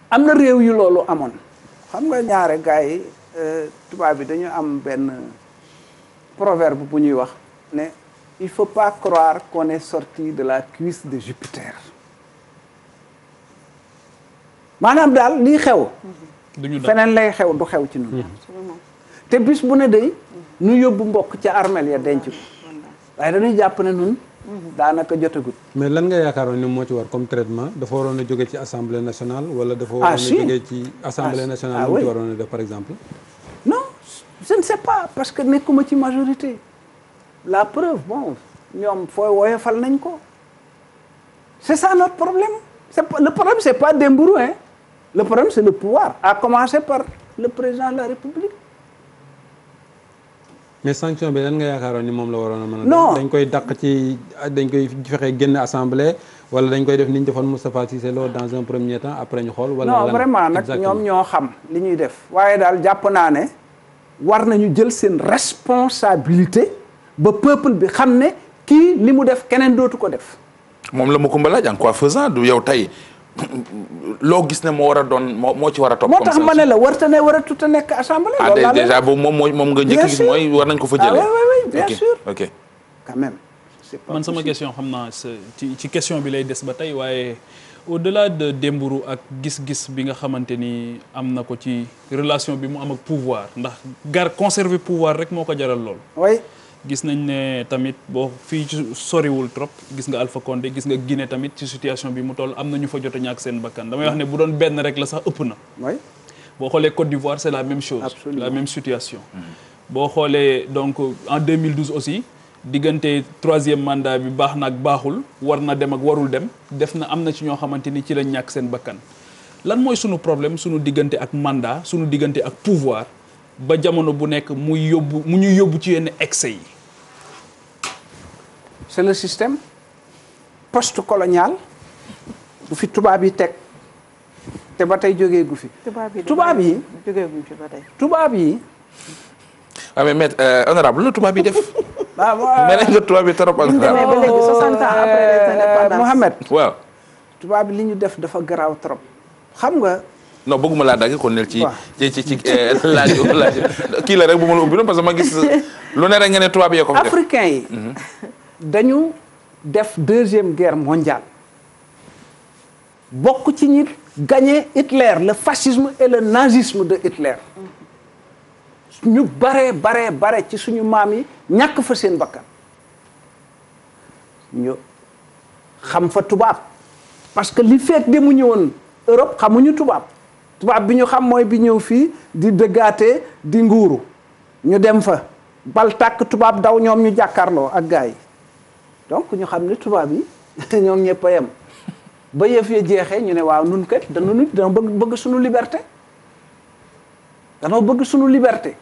am na réew yu loolu amoon xam nga ñaare gars yi euh, tubaab bi dañu am benn proverbe bu ñuy wax ne il faut pas croire qu'on est sorti de la cuisse de Jupiter maanaam daal lii xew. feneen lay xew du xew ci ñun. Mm-hmm. te bis bu ne day. Mm-hmm. ñu yóbbu mbokk ci armel ya denc ko. Mm-hmm. waaye dañuy jàpp ne ñun. daanaka jotagut. mais lan nga yaakaaroon ni moo ci war comme traitement dafa waroon a jóge ci assemblée nationale. wala dafa ah, waroon a jóge ci assemblée ah, nationale. ah oui mu waroon a def par exemple. non je ne sais pas parce que nekkuma ci majorité la preuve bon ñoom fooy woyofal nañ ko c' est ça notre problème c' est le problème c' est pas Dembourou hein le problème c' est le pouvoir à commencer par le président de la république. mais sanction bi lan nga yaakaaroon ni moom la waroon a mën a. non dañ koy dàq ci dañ koy fexe génn assemblée wala dañ koy def ni ñu defoon Moustapha Cissé Lo dans un premier temps après ñu xool. wala non vraiment nag ñoom ñoo xam li ñuy def. waaye daal jàpp naa ne war nañu jël seen responsabilité ba peuple bi xam ne kii li mu def keneen dootu ko def. moom la ma ko mën a laaj quoi faisant du yow tey. loo gis ne moo war a doon moo moo ci war a topp. comme moo tax ma ne la warta ne waratu te nekk assemblée. Ah, loolu la déjà moom mooy moom nga njëkk mooy war nañ ko fa ah, jëlee. ah oui oui sama question xam naa ci ci question bi lay des ba tey waaye au-delà de démburu ak gis-gis bi nga xamante ni am na ko ci relation bi mu am ak pouvoir ndax gar conserver pouvoir rek moo ko jaral lool. gis nañ ne tamit boo fii ci soriwul trop gis nga Alpha Condé gis nga Guinée tamit ci situation bi mu toll am na ñu fa jot a ñàkk seen bakkan damay wax ne bu doon benn rek la sax ëpp na. boo xoolee Côte d'Ivoire c'est la même chose. la même situation. Mm-hmm. boo xoolee donc en 2012 aussi. diggante troisième mandat bi baax na ak baaxul war na dem ak warul dem def na am na ci ñoo xamante ni ci lañ ñàkk seen bakkan lan mooy sunu problème sunu diggante ak mandat sunu diggante ak pouvoir ba jamono bu nekk muy yóbbu mu ñuy yóbbu ci yenn excès c'est le système post-colonial bu fi tubaab yi teg te ba tey jógee gu fi. tubaab yi jógee tubaab yi. ah mais maître euh, tubaab yi def. ah waaw mel nga tubaab yi trop ak. Euh, tubaab yi li ñu def dafa garaaw trop xam nga. non bëgguma laa dagg kon nel ci ci ci euh, kii la rek bu ma la ubbi noonu parce que ma gis lu ne rek nga tubaab yee ko fi dañu def deuxième guerre mondiale bokk ci ñi gagné Hitler la fascisme et le nazisme de Hitler ñu baree baree bare ci suñu maam yi ñàkk fa seen bakkan ñu xam fa tubaab parce que li feet de mu ñëwoon Europe xamuñu tubaab tubaab bi ñu xam mooy bi ñëw fii di dëggaate di nguuru ñu dem fa bal tàkk tubaab daw ñoom ñu jàkkaarloo ak gars yi donc ñu xam ne tubaab yi ñoom ñëpp a yem ba yëf ya jeexee ñu ne waaw nun kat danu nit dana bëgg bëgg suñu liberté danoo bëgg suñu liberté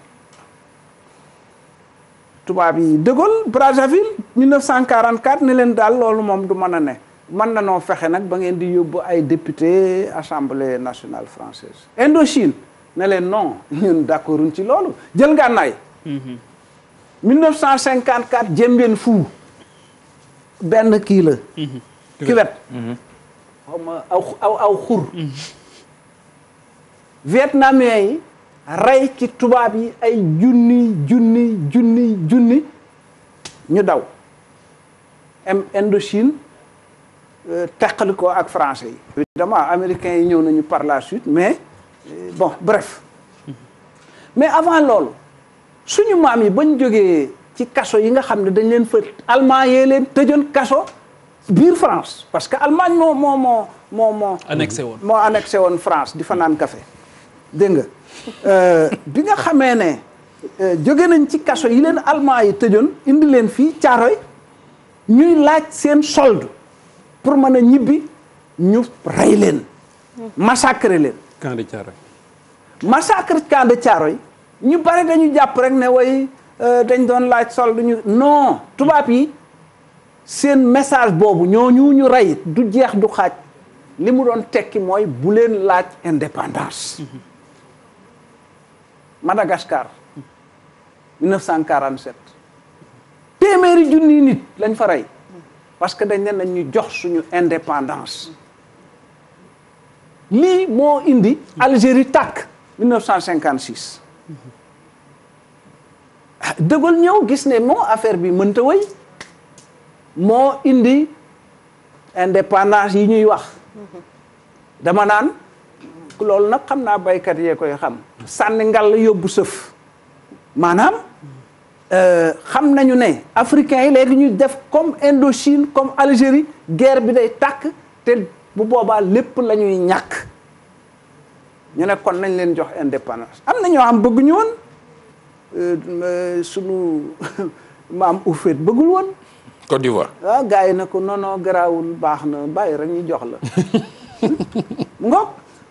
tubaab yi de Gaulle Brazzaville 1944 ne leen daal loolu moom du mën a ne mën na noo fexe nag ba ngeen di yóbbu ay député assemblée nationale française Indochine ne leen non ñun d'accorduñ ci loolu jël mhm. cent ngànnaay 1954 Jembeen Fou benn kii la mhm. kiwet mhm. aw aw aw xur vietnamien yi rey ci tubaab yi ay junni junni junni junni ñu daw Indochine euh, teqali ko ak français yi évidemment américains yi ñëw nañu par la suite mais bon bref mhm. mais avant lool suñu maam yi bañ jógee ci kaso yi nga xam ne dañ leen fa allemand yee leen tëjoon kaso biir France parce que Allemagne moo moo moo moo moo. annexé woon moo annexé woon France di fanaan kafe café dégg nga euh, bi nga xamee ne euh, jóge nañ ci kaso yi leen allemand yi tëjoon indi leen fii caaroy ñuy laaj seen solde pour mën a ñibbi ñu rey leen. massacre leen. camp de Thiaroye. massacre camp de ñu bare dañu jàpp rek ne way Euh, dañ doon laaj sol duñu non tubaab yi seen message boobu ñooñu ñu rey du jeex du xaaj li mu doon tekki mooy bu leen laaj indépendance Madagascar 1947 téeméeri junni nit lañ fa rey parce que dañ ne nañ ñu jox suñu indépendance lii moo indi Algérie tàkk 1956 Ah, De ñëw gis ne moo affaire bi mënta wëy moo indi indépendance yi ñuy wax dama naan loolu nag xam naa baykat yee koy xam sànni ngal yóbbu sëf maanaam euh, xam nañu ne africains yi léegi ñuy def comme Indochine comme Algérie guerre bi day tàkk te bu boobaa lépp lañuy ñuy ñàkk ñu ne kon nañ leen jox indépendance am na ñoo xam bëgg ñu Euh, euh, sunu maam Oufet bëggul woon. Côte d'Ivoire. waaw ah, yi na ko non non baax na bàyyi rek ñu jox la. ngoog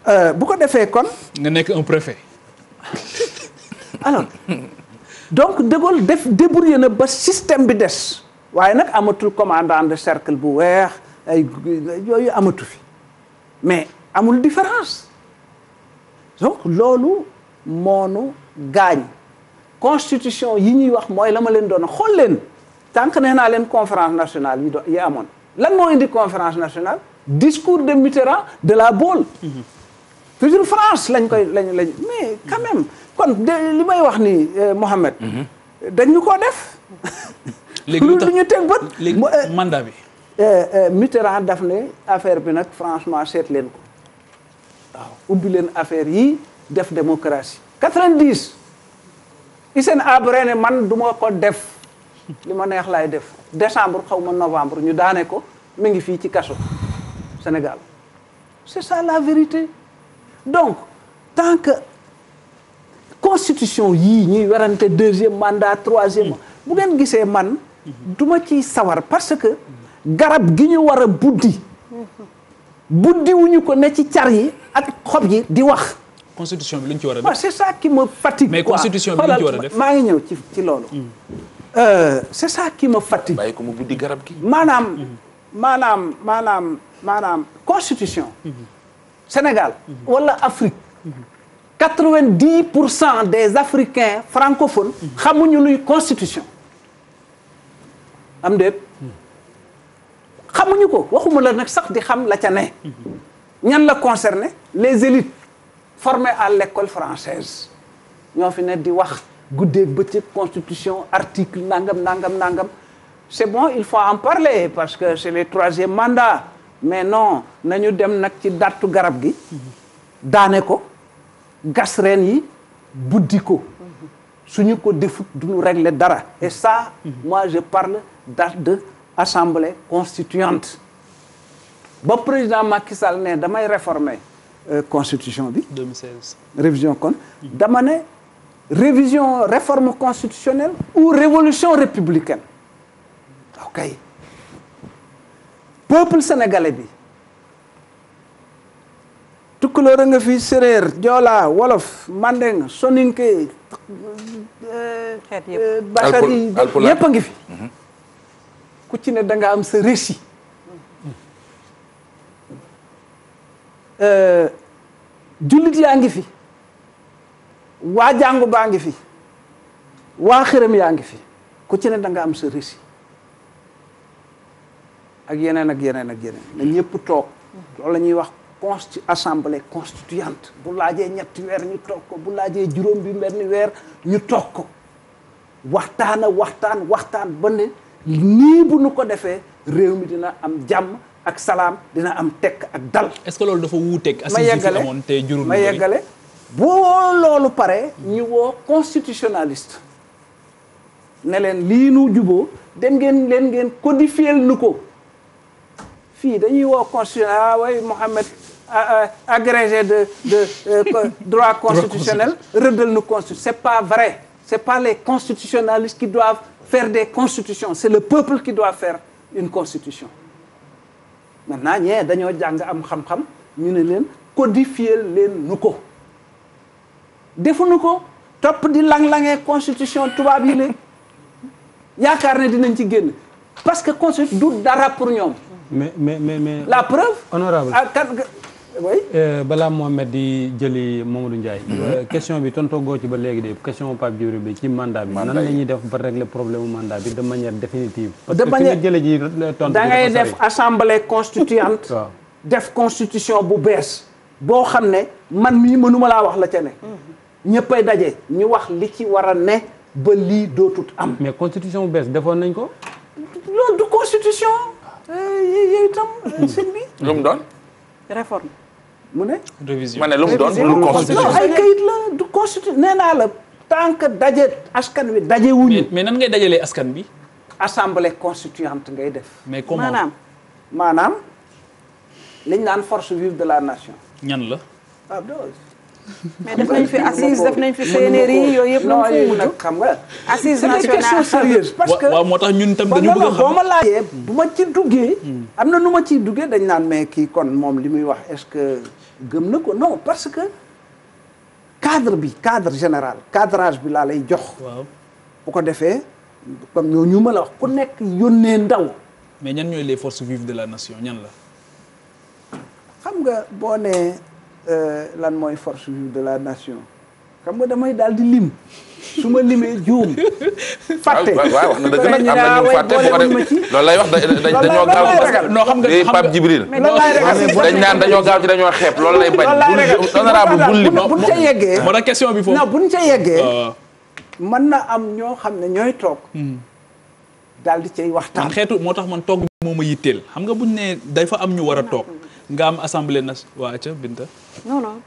euh, bu ko defee kon. nga nekk un préfet. alors donc De def débrouillé na ba système bi des. waaye nag amatul commandant de cercle bu weex ay yooyu amatu fi mais amul différence donc loolu moonu gaañ. constitution yi ñuy wax mooy lama leen doon xool leen tànk nee naa leen conférence nationale yi do yi amoon lan moo indi conférence nationale discours de Mitterrand de la Baule toujours mhm. France lañ koy lañ lañ mais quand kon li may wax ni euh, Mohamed mhm. dañu koo def léegi lu ñu teg bët léegi euh, bi euh, Mitterrand daf ne affaire bi nag franchement seet leen ko waaw ubbi leen affaire yi def démocratie 90 Hissène Habré ne man du ma ko def li ma neex laay def décembre xaw ma novembre ñu daanee ko mu ngi fii ci kaso Sénégal c'est ça la vérité donc tant que constitution yii ñuy werante deuxième mandat troisième bu ngeen gisee man duma ciy sawar parce que garab gi ñu war a buddi buddi ko ne ci car yi ak xob yi di wax constitution bi lu ñu ci war a def. waaw c'est ça qui me fatigue. mais constitution bi lu ñu ci war a def maa ngi ñëw ci ci loolu. Hmm. Euh, c'est ça qui me fatigue. bàyyi ko mu buddi garab gi. maanaam hmm. maanaam maanaam maanaam constitution. Hmm. Sénégal wala Afrique. quatre-vingt-dix pour cent des Africains francophones. xamuñu luy constitution. am déet xamuñu ko waxuma la nag sax di xam la ca ne. ñan la concerné les élites. formé à l'école française ñoo fi ne di wax bët bëccëg constitution article nangam nangam nangam c'est bon il faut en parler parce que c'est le troisième mandat mais non nañu dem nag ci dattu garab gi daane ko gas reen yi buddi ko suñu ko defut duñu régler dara et ça moi je parle date de assemblée constituante ba président Macky Sall ne damay réformer Euh, constitution bi. 2016 révision kon. dama ne révision réforme constitutionnelle ou révolution républicaine ok peuple sénégalais bi tukkuloor a nga fi séréer joola wolof mandeng soninke xeet euh, yëpp euh, basari yëpp a ngi fi mhm. ku ci ne am sa récit Euh, jullit yaa ngi fi waa jàngu baa ngi fi waa xërëm yaa ngi fi ku ci ne da am sa récit ak yeneen ak yeneen ak yeneen na ñëpp toog loolu la ñuy wax consti assemblée constituante bu laajee ñetti weer ñu toog ko bu laajee juróom bi benn weer ñu toog ko waxtaana waxtaan waxtaan ba ne nii bu nu ko defee réew mi dina am jàmm ak salaam dina am tekk ak dal. est-ce que loolu dafa wuuteeg. ma yeggale amoon te boo loolu pare ñu woo constitutionnaliste ne leen lii nu juboo dem ngeen leen ngeen codifier nu ko fii dañuy woo constitutionnel ah way Mohamed ah, ah, agrégé de de euh, droit constitutionnel rëddal nu constitution c'est pas vrai c'est pas les constitutionnalistes qui doivent faire des constitutions c'est le peuple qui doit fair une constitution naa ñee dañoo jàng am xam-xam ñu ne leen codifier leen nu ko defuñu ko topp di lang-langee constitution tubaab yi léegi yaakaar ne dinañ ci génn parce que constitution du dara pour ñoom mais mais mais mais la preuve honorable ah, oui euh, balaa Mohamed di jëli Mamadou Ndiaye. Mhm. Euh, question bi tonto goo ci ba léegi de question Pape Djibril bi ci mandat bi. nan la ñuy def ba régler problème mu mandat bi de manière définitive. parce que fi nga jëlee ji euh, tontu da ngay def assemblée constituante. def constitution bu bees. boo xam ne man mii mënuma laa wax la ca ne. Mhm. ñëppay daje ñu wax li ci war a ne ba lii dootut am. mais constitution bu bees defoon nañ ko. loolu du constitution. Ah. yooyu itam mhm. sëñ bi. lu mu doon réforme. mu ne. révision ma ne lu mu doon lu constitution non ay kayit la du constitution nee naa la tant que daje askan wi daje wuñu. mais nan ngay dajalee askan bi. assemblée constituante ngay def. mais comment maanaam maanaam li naan force vive de la nation. ñan la. ah mais def nañ fi assise def nañ fi CNRI yooyu yëpp. non yooyu xam nga. assise nationale question parce que waaw moo tax ñun tam dañu bëgg a xam boo ma laajee hmm. bu ma ci duggee. Hmm. am na nu ma ciy duggee dañ naan mais kii kon moom li muy wax est-ce que. gëm na ko non parce que cadre bi cadre général cadrage bi laa lay jox. bu ko defee comme ñoo ñu ma la wax ku nekk yónnee ndaw. mais ñan ñooy les forces vives de la nation ñan la. xam nga boo nee euh, lan mooy force vive de la nation. xam nga damay daal di lim su ma limee juum. fàtte waaw wax na dëgg nag am na ñu fàtte bu ko def loolu lay wax dañoo gaaw non xam nga xam Pape Djibril dañ naan dañoo gaaw ci dañoo xeeb loolu lay bañ. honorable bu lim bu ñu ca yeggee. moo tax bi foofu non bu ñu ca ah. na am ñoo xam ne ñooy toog. Hmm. daal di cay waxtaan. man xeetu moo tax man toog bi moo ma yitteel xam nga buñ ne fa am ñu war a toog. nga am assemblée na waa ca Binta. non non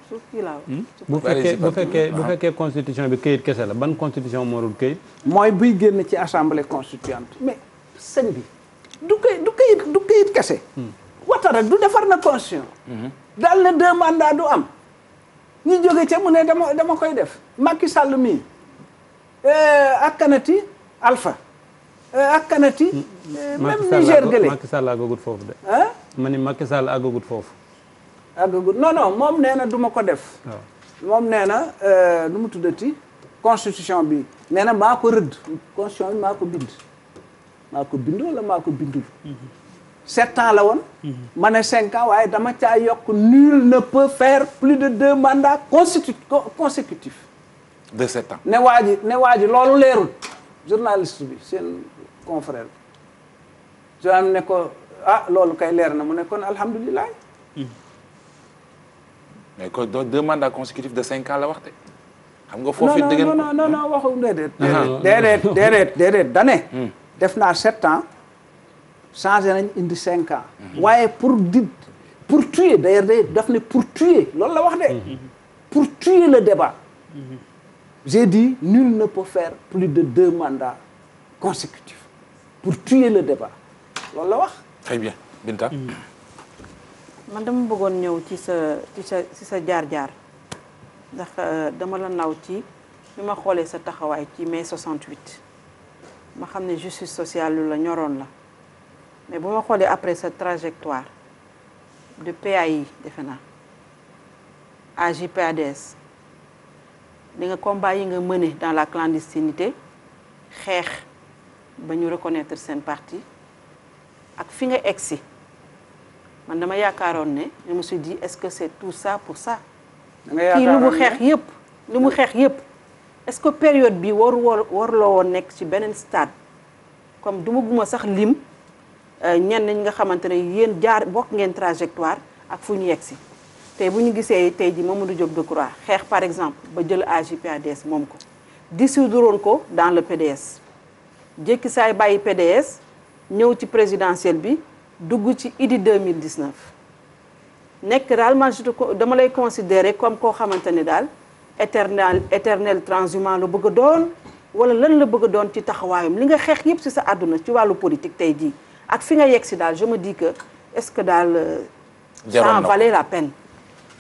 hmm? bu fekkee bu fekkee bu constitution bi këyit kese la ban constitution moo dul këyit. mooy buy génn ci assemblée constituante mais sëñ bi du këyit du këyit du këyit kese. Ouattara hmm. du defar na constitution. Hmm. daal na deux du am. ñu jóge ca mu ne dama koy def. Macky sàll mii euh, ak kanati Alpha. Euh, ak kanati euh, même Niger gële Macky Sall àggagul foofu de. ma ni Macky Sall àggagut foofu. àggagut non non moom nee na du ma ko def. moom nee na euh, mu tuddati constitution bi nee na maa ko rëdd. constitution bi maa bind. maa ko bind wala mhm. ans la woon. Mhm. ma ne cinq waaye dama caa yokk nul ne peut faire plus de deux mandats constitu consécutifs. de sept ans ne waa ji ne waa ji loolu leerul journaliste bi seen confrère. jo am ah loolu kay leer na mu ne kon alhamdulilah. mais ko deux mandats consécutifs de cinq ans la wax waxte xam nga foofu it dëgg non non non waxu def naa sept ans changé nañ indi cinq ans. Hmm. waaye pour di pour tuer d'ailleurs day daf ne pour tuer loolu la wax de. Hmm. pour tuer le débat. Hmm. j'ai dit nul ne peut faire plus de deux mandats consécutifs pour tuer le débat loolu la wax. très bien Binta. Mm. man dama bëggoon ñëw ci sa ci sa ci sa jaar-jaar ndax euh, dama la naw ci bi ma xoolee sa taxawaay ci mai 68 ma xam ne justice social lu la ñoroon la mais bu ma xoolee après sa trajectoire de PAI defe naa à JPADS dinga nga combat yi nga mené dans la clandestinité xeex ba ñu reconnaître seen partie ak fi nga egg si man dama yaakaaroon ne je me suis est-ce que c'est tout ça pour ça kii lu mu xeex yëpp lu mu xeex yëpp est-ce que période bi war war warloo woon nekk ci beneen stade comme du ma guma sax lim euh, ñenn ñi nga xamante ne yéen jaar bokk ngeen trajectoire ak fu ñu yegg si tey bu ñu gisee tey ji Mamadou Diop Decroix xeex par exemple ba jël AJ/PADS moom ko dissoudroon ko dans le PDS jékki saay bàyyi PDS ñëw ci présidentielle bi dugg ci IDI 2019 nekk réellement je te dama lay considérer comme koo xamante ne daal éternel éternel transhumant la bëgg a doon wala lan la bëgg a doon ci taxawaayum li nga xeex yépp ci sa àdduna ci wàllu politique tey jii ak fi nga yegg si daal je me dis que est-ce que daal euh, ça en valait la peine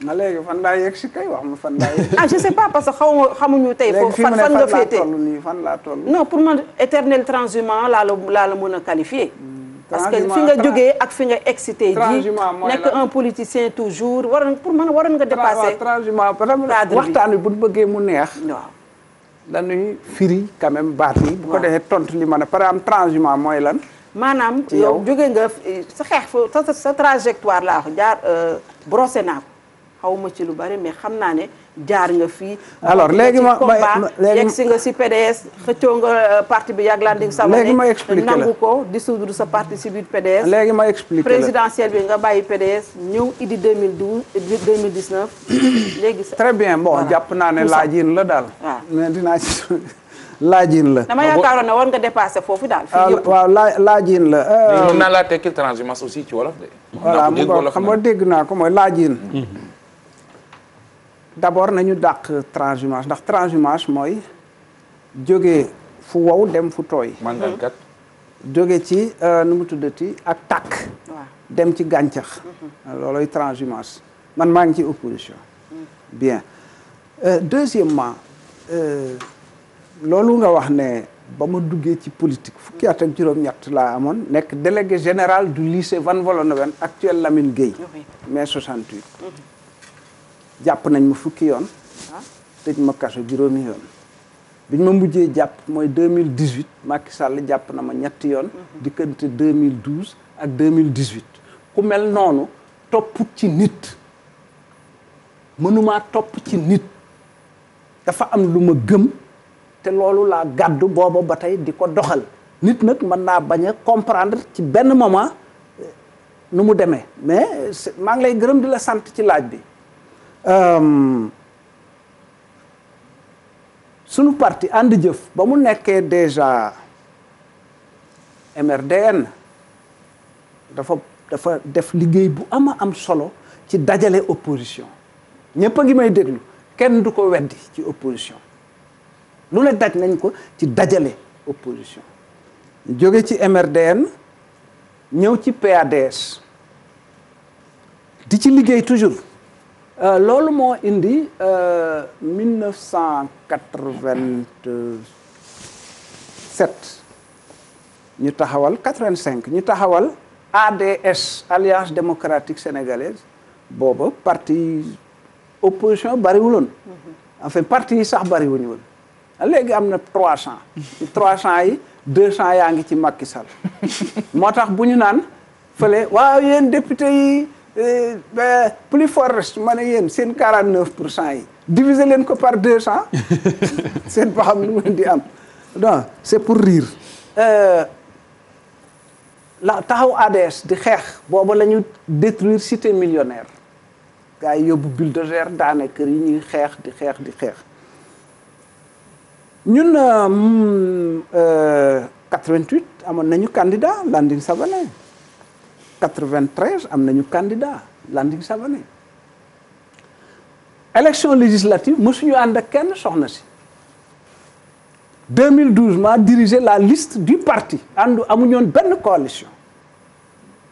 na léegi fan laa yegg si wax ma fan laa yegg ah parce que xaw ma xamuñu tey foofu fan fan nga féete nii fan laa toll non pour man éternel transhumant laa la laa la mën a qualifier hmm, parce que fi nga jógee ak fi nga excité ji nekk un politicien toujours waroon pour man waroon nga dépasser transhumant parce que waxtaan wi bu ñu bëggee mu neex waaw dañuy firi quand même baat yi bu ko defee tontu li mën a par exemple transhumant mooy lan maanaam yow jóge nga sa xeex sa sa trajectoire laa jaar euh, brossé naa ko xawma ci lu bari mais xam naa ne jaar nga fii. alors léegi ma yegg si si PDS parti bi yàgg Landing Savané. léegi ma expliqué la nangu ko dissoudre sa parti si biir PDS. léegi ma expliqué la présidentielle bi nga bàyyi PDS ñëw Idy 2012 2019 léegi. très bien bon jàpp naa ne laajin la daal. waaw ah. mais dinaa ci laajin la. dama ah, yaakaaroon ne war nga dépassé foofu daal. fii ah, waaw laa laajin la. mais euh, mën naa laa tekkil transhumance aussi ci wolof de. voilà xam nga dégg naa ko mooy laajin. Mhm. d'abord nañu dàq transhumance ndax transhumance mooy jóge fu wow dem fu tooy. màngalkat mhm. jóge ci euh, nu mu tuddati ak tàkk. dem ci gàncax. Mhm. looloy transhumance man maa ngi ci opposition. Mhm. bien euh, deuxièmement euh, loolu nga wax ne ba ma duggee ci politique fukki at ak juróom-ñett laa amoon nekk délégué général du lycée Van Vollenhoven actuel Lamine Gueye mai jàpp nañ ma fukki yoon tëj ma kaso juróomi yoon biñ ma mujjee jàpp mooy 2018 Macky Sall jàpp na ma ñetti yoon diggante 2012 ak 2018 ku mel noonu topp ci nit mënumaa topp ci nit dafa am lu ma gëm te loolu laa gàddu booba ba tey di ko doxal nit nag mën naa bañ a comprendre ci benn moment eh, nu mu demee mais maa ngi lay gërëm di la sant ci laaj bi Ehm, sunu parti ànd jëf ba mu nekkee déjà MRDN dafa dafa def liggéey bu ama am solo ci dajale opposition ñëpp a ngi may déglu kenn du ko weddi ci opposition lu ne daj nañ ko ci dajale opposition jóge ci MRDN ñëw ci PADS di ci liggéey toujours Euh, loolu moo indi 1987 euh, ñu taxawal cinq ñu taxawal ADS Alliance démocratique sénégalaise booba parti opposition bariwuloon mm-hmm. enfin parti yi sax bariwuñu woon léegi am na 300 300 yi 200 yaa ngi ci Macky Sall moo tax bu ñu naan fële waaw yéen député yi. Euh, euh, plus fort ma ne yéen seen 49 pour cent yi diviser leen ko par 200 seen ba xam nu ngeen di am non c'est pour rire euh, la taxaw ADS di xeex booba la ñu détruire cité millionnaire gars yi yóbbu bulldozer daane kër yi ñuy xeex di xeex di xeex ñun 88 amoon nañu candidat Landing Savané 93 am nañu candidat Landing Savané élection législative mësuñu ànd ak kenn soxna si 2012 maa dirigé la liste du parti àndu amuñoon benn coalition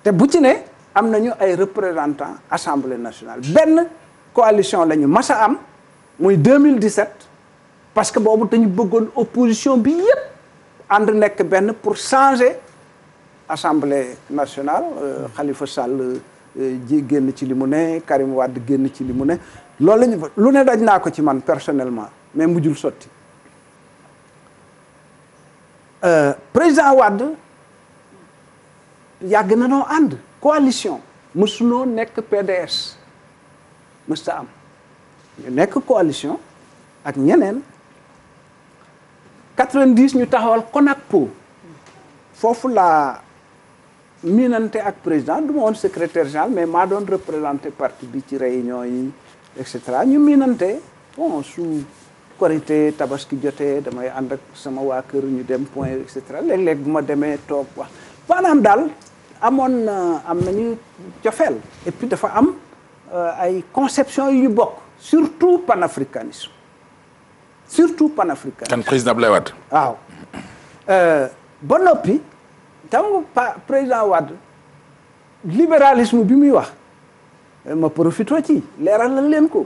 te bu ci ne am nañu ay représentants assemblée nationale benn coalition la ñu mas a am muy 2017 parce que boobu dañu bëggoon opposition bi yépp ànd nekk benn pour changer assemblée nationale euh, Khalifa Sall euh, ji génn ci li ne Karim Wade génn ci li mu ne loolu lu ne daj naa ko ci man personnellement mais mujjul sotti euh, président Wade yàgg na noo ànd coalition mësunoo nekk PDS mësta am ñu nekk coalition ak ñeneen 90 ñu taxawal CONACPO foofu laa miinante ak président du ma woon secrétaire général mais maa doon représenté parti bi ci réunion yi et cetera ñu miinante bon su korité tabaski jotee damay ànd ak sama waa kër ñu dem point et cetera léeg bu ma demee toog wax maanaam daal amoon na am nañu cofeel et puis dafa am euh, ay conception yu ñu bokk surtout panafricanisme surtout panafricanisme. kan président Abdoulaye Wade. waaw euh, ba noppi. xam président Wade libéralisme bi muy wax ma profito ci leeralal leen ko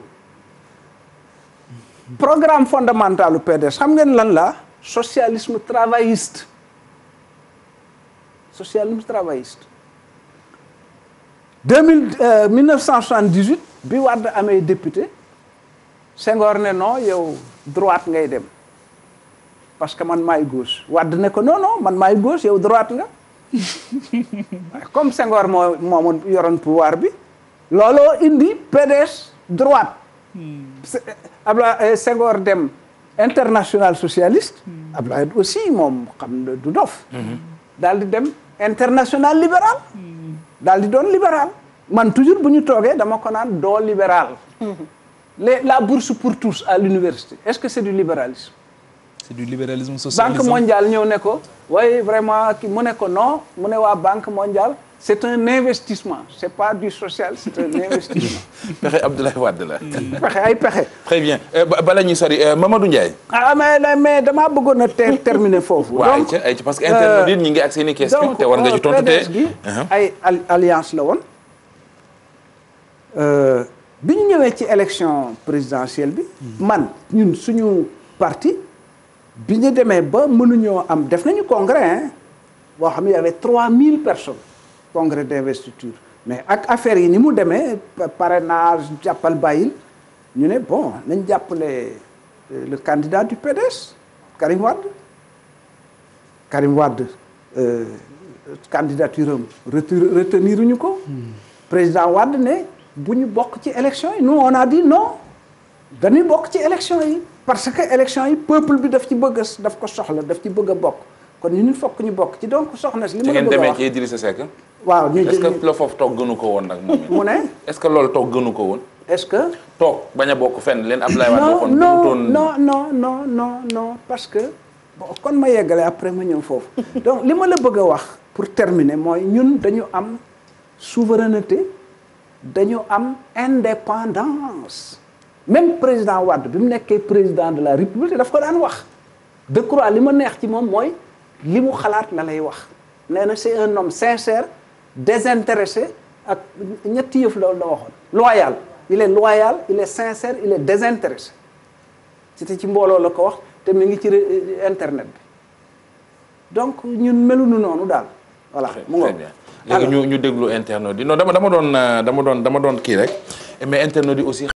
programme fondamental u PDS xam ngeen lan la socialisme travailliste socialisme travailliste deux mille euh, mille neuf cent soixante bi Wade amee député Senghor ne non yow droite ngay dem parce que man maay gauche Wade ne ko non man maay gauche yow droite nga comme Senghor moo moomu yoroon pouvoir bi looloo indi PDS droite hmm. Abdoulaye eh, Senghor dem international socialiste hmm. Abdoulaye aussi moom xam du dof hmm. daal di dem international libéral daal di doon liberal man toujours bu ñu toogee dama ko naan doo libéral les la bourse pour tous à l'université est-ce que c'est du libéralisme c'est du libéralisme socialisme banque mondiale ñëw ne ko waaye vraiment ki mu ne ko non mu ne waa banque mondiale c'est un investissement c'est pas du social c'est un investissement. pexe Abdoulaye Wade la. Hmm. pexe ay pexe. très bien euh, bala ñuy sori euh, Mamadou Ndiaye. ah mais mais damaa bëggoon a terminer foofu. donc waaw parce que internaute ñi ngi ak seen i te war nga ci tontu te euh, gi uh-huh. ay alliance la woon. bi ñu ñëwee ci élection bi. Hmm. man ñun suñu parti. bi ñu demee ba mënuñoo am def nañu congrès boo xam ne y avait 3000 personnes congrès d'investiture mais ak affaire yi ni mu demee pare parrainage jàppal bàyyil ñu ne bon nañ jàppale euh, le candidat du PDS Karim Wade Karim Wade euh, candidature am retenir ñu ko président Wade ne bu ñu bokk ci élection yi nous on a dit non dañuy bokk ci élection yi parce que élection yi peuple bi daf ci bëgg a daf ko soxla daf ci bëgg a bokk kon ñu fokk ñu bokk ci donc soxna si. a ngeen demee ci Idrissa Seck. waaw ñu jël est-ce que la foofu ko woon nag. mu ne est-ce que loolu toog gënu ko woon. est-ce que. toog bañ a bokk fenn leen Abdoulaye Wade waxoon. non non non non non non parce que. bon kon ma yeggale après ma ñëw foofu donc li ma la bëgg a wax pour terminer mooy ñun dañu am souveraineté dañu am indépendance. même président Wade bi mu nekkee président de la république daf ko daan wax de croix li ma neex ci moom mooy li mu xalaat la lay wax nee na c'est un homme sincère désintéressé ak ñetti yëf loolu la waxoon loyal il est loyal il est sincère il est désintéressé ci te ci mbooloo la ko wax te mu ngi ci euh, internet bi donc ñun nu noonu daal voilà mu ngoog léegi ñu ñu déglu internautes di no dama dama doon euh, dama doon dama doon kii rek mais internautes yi aussi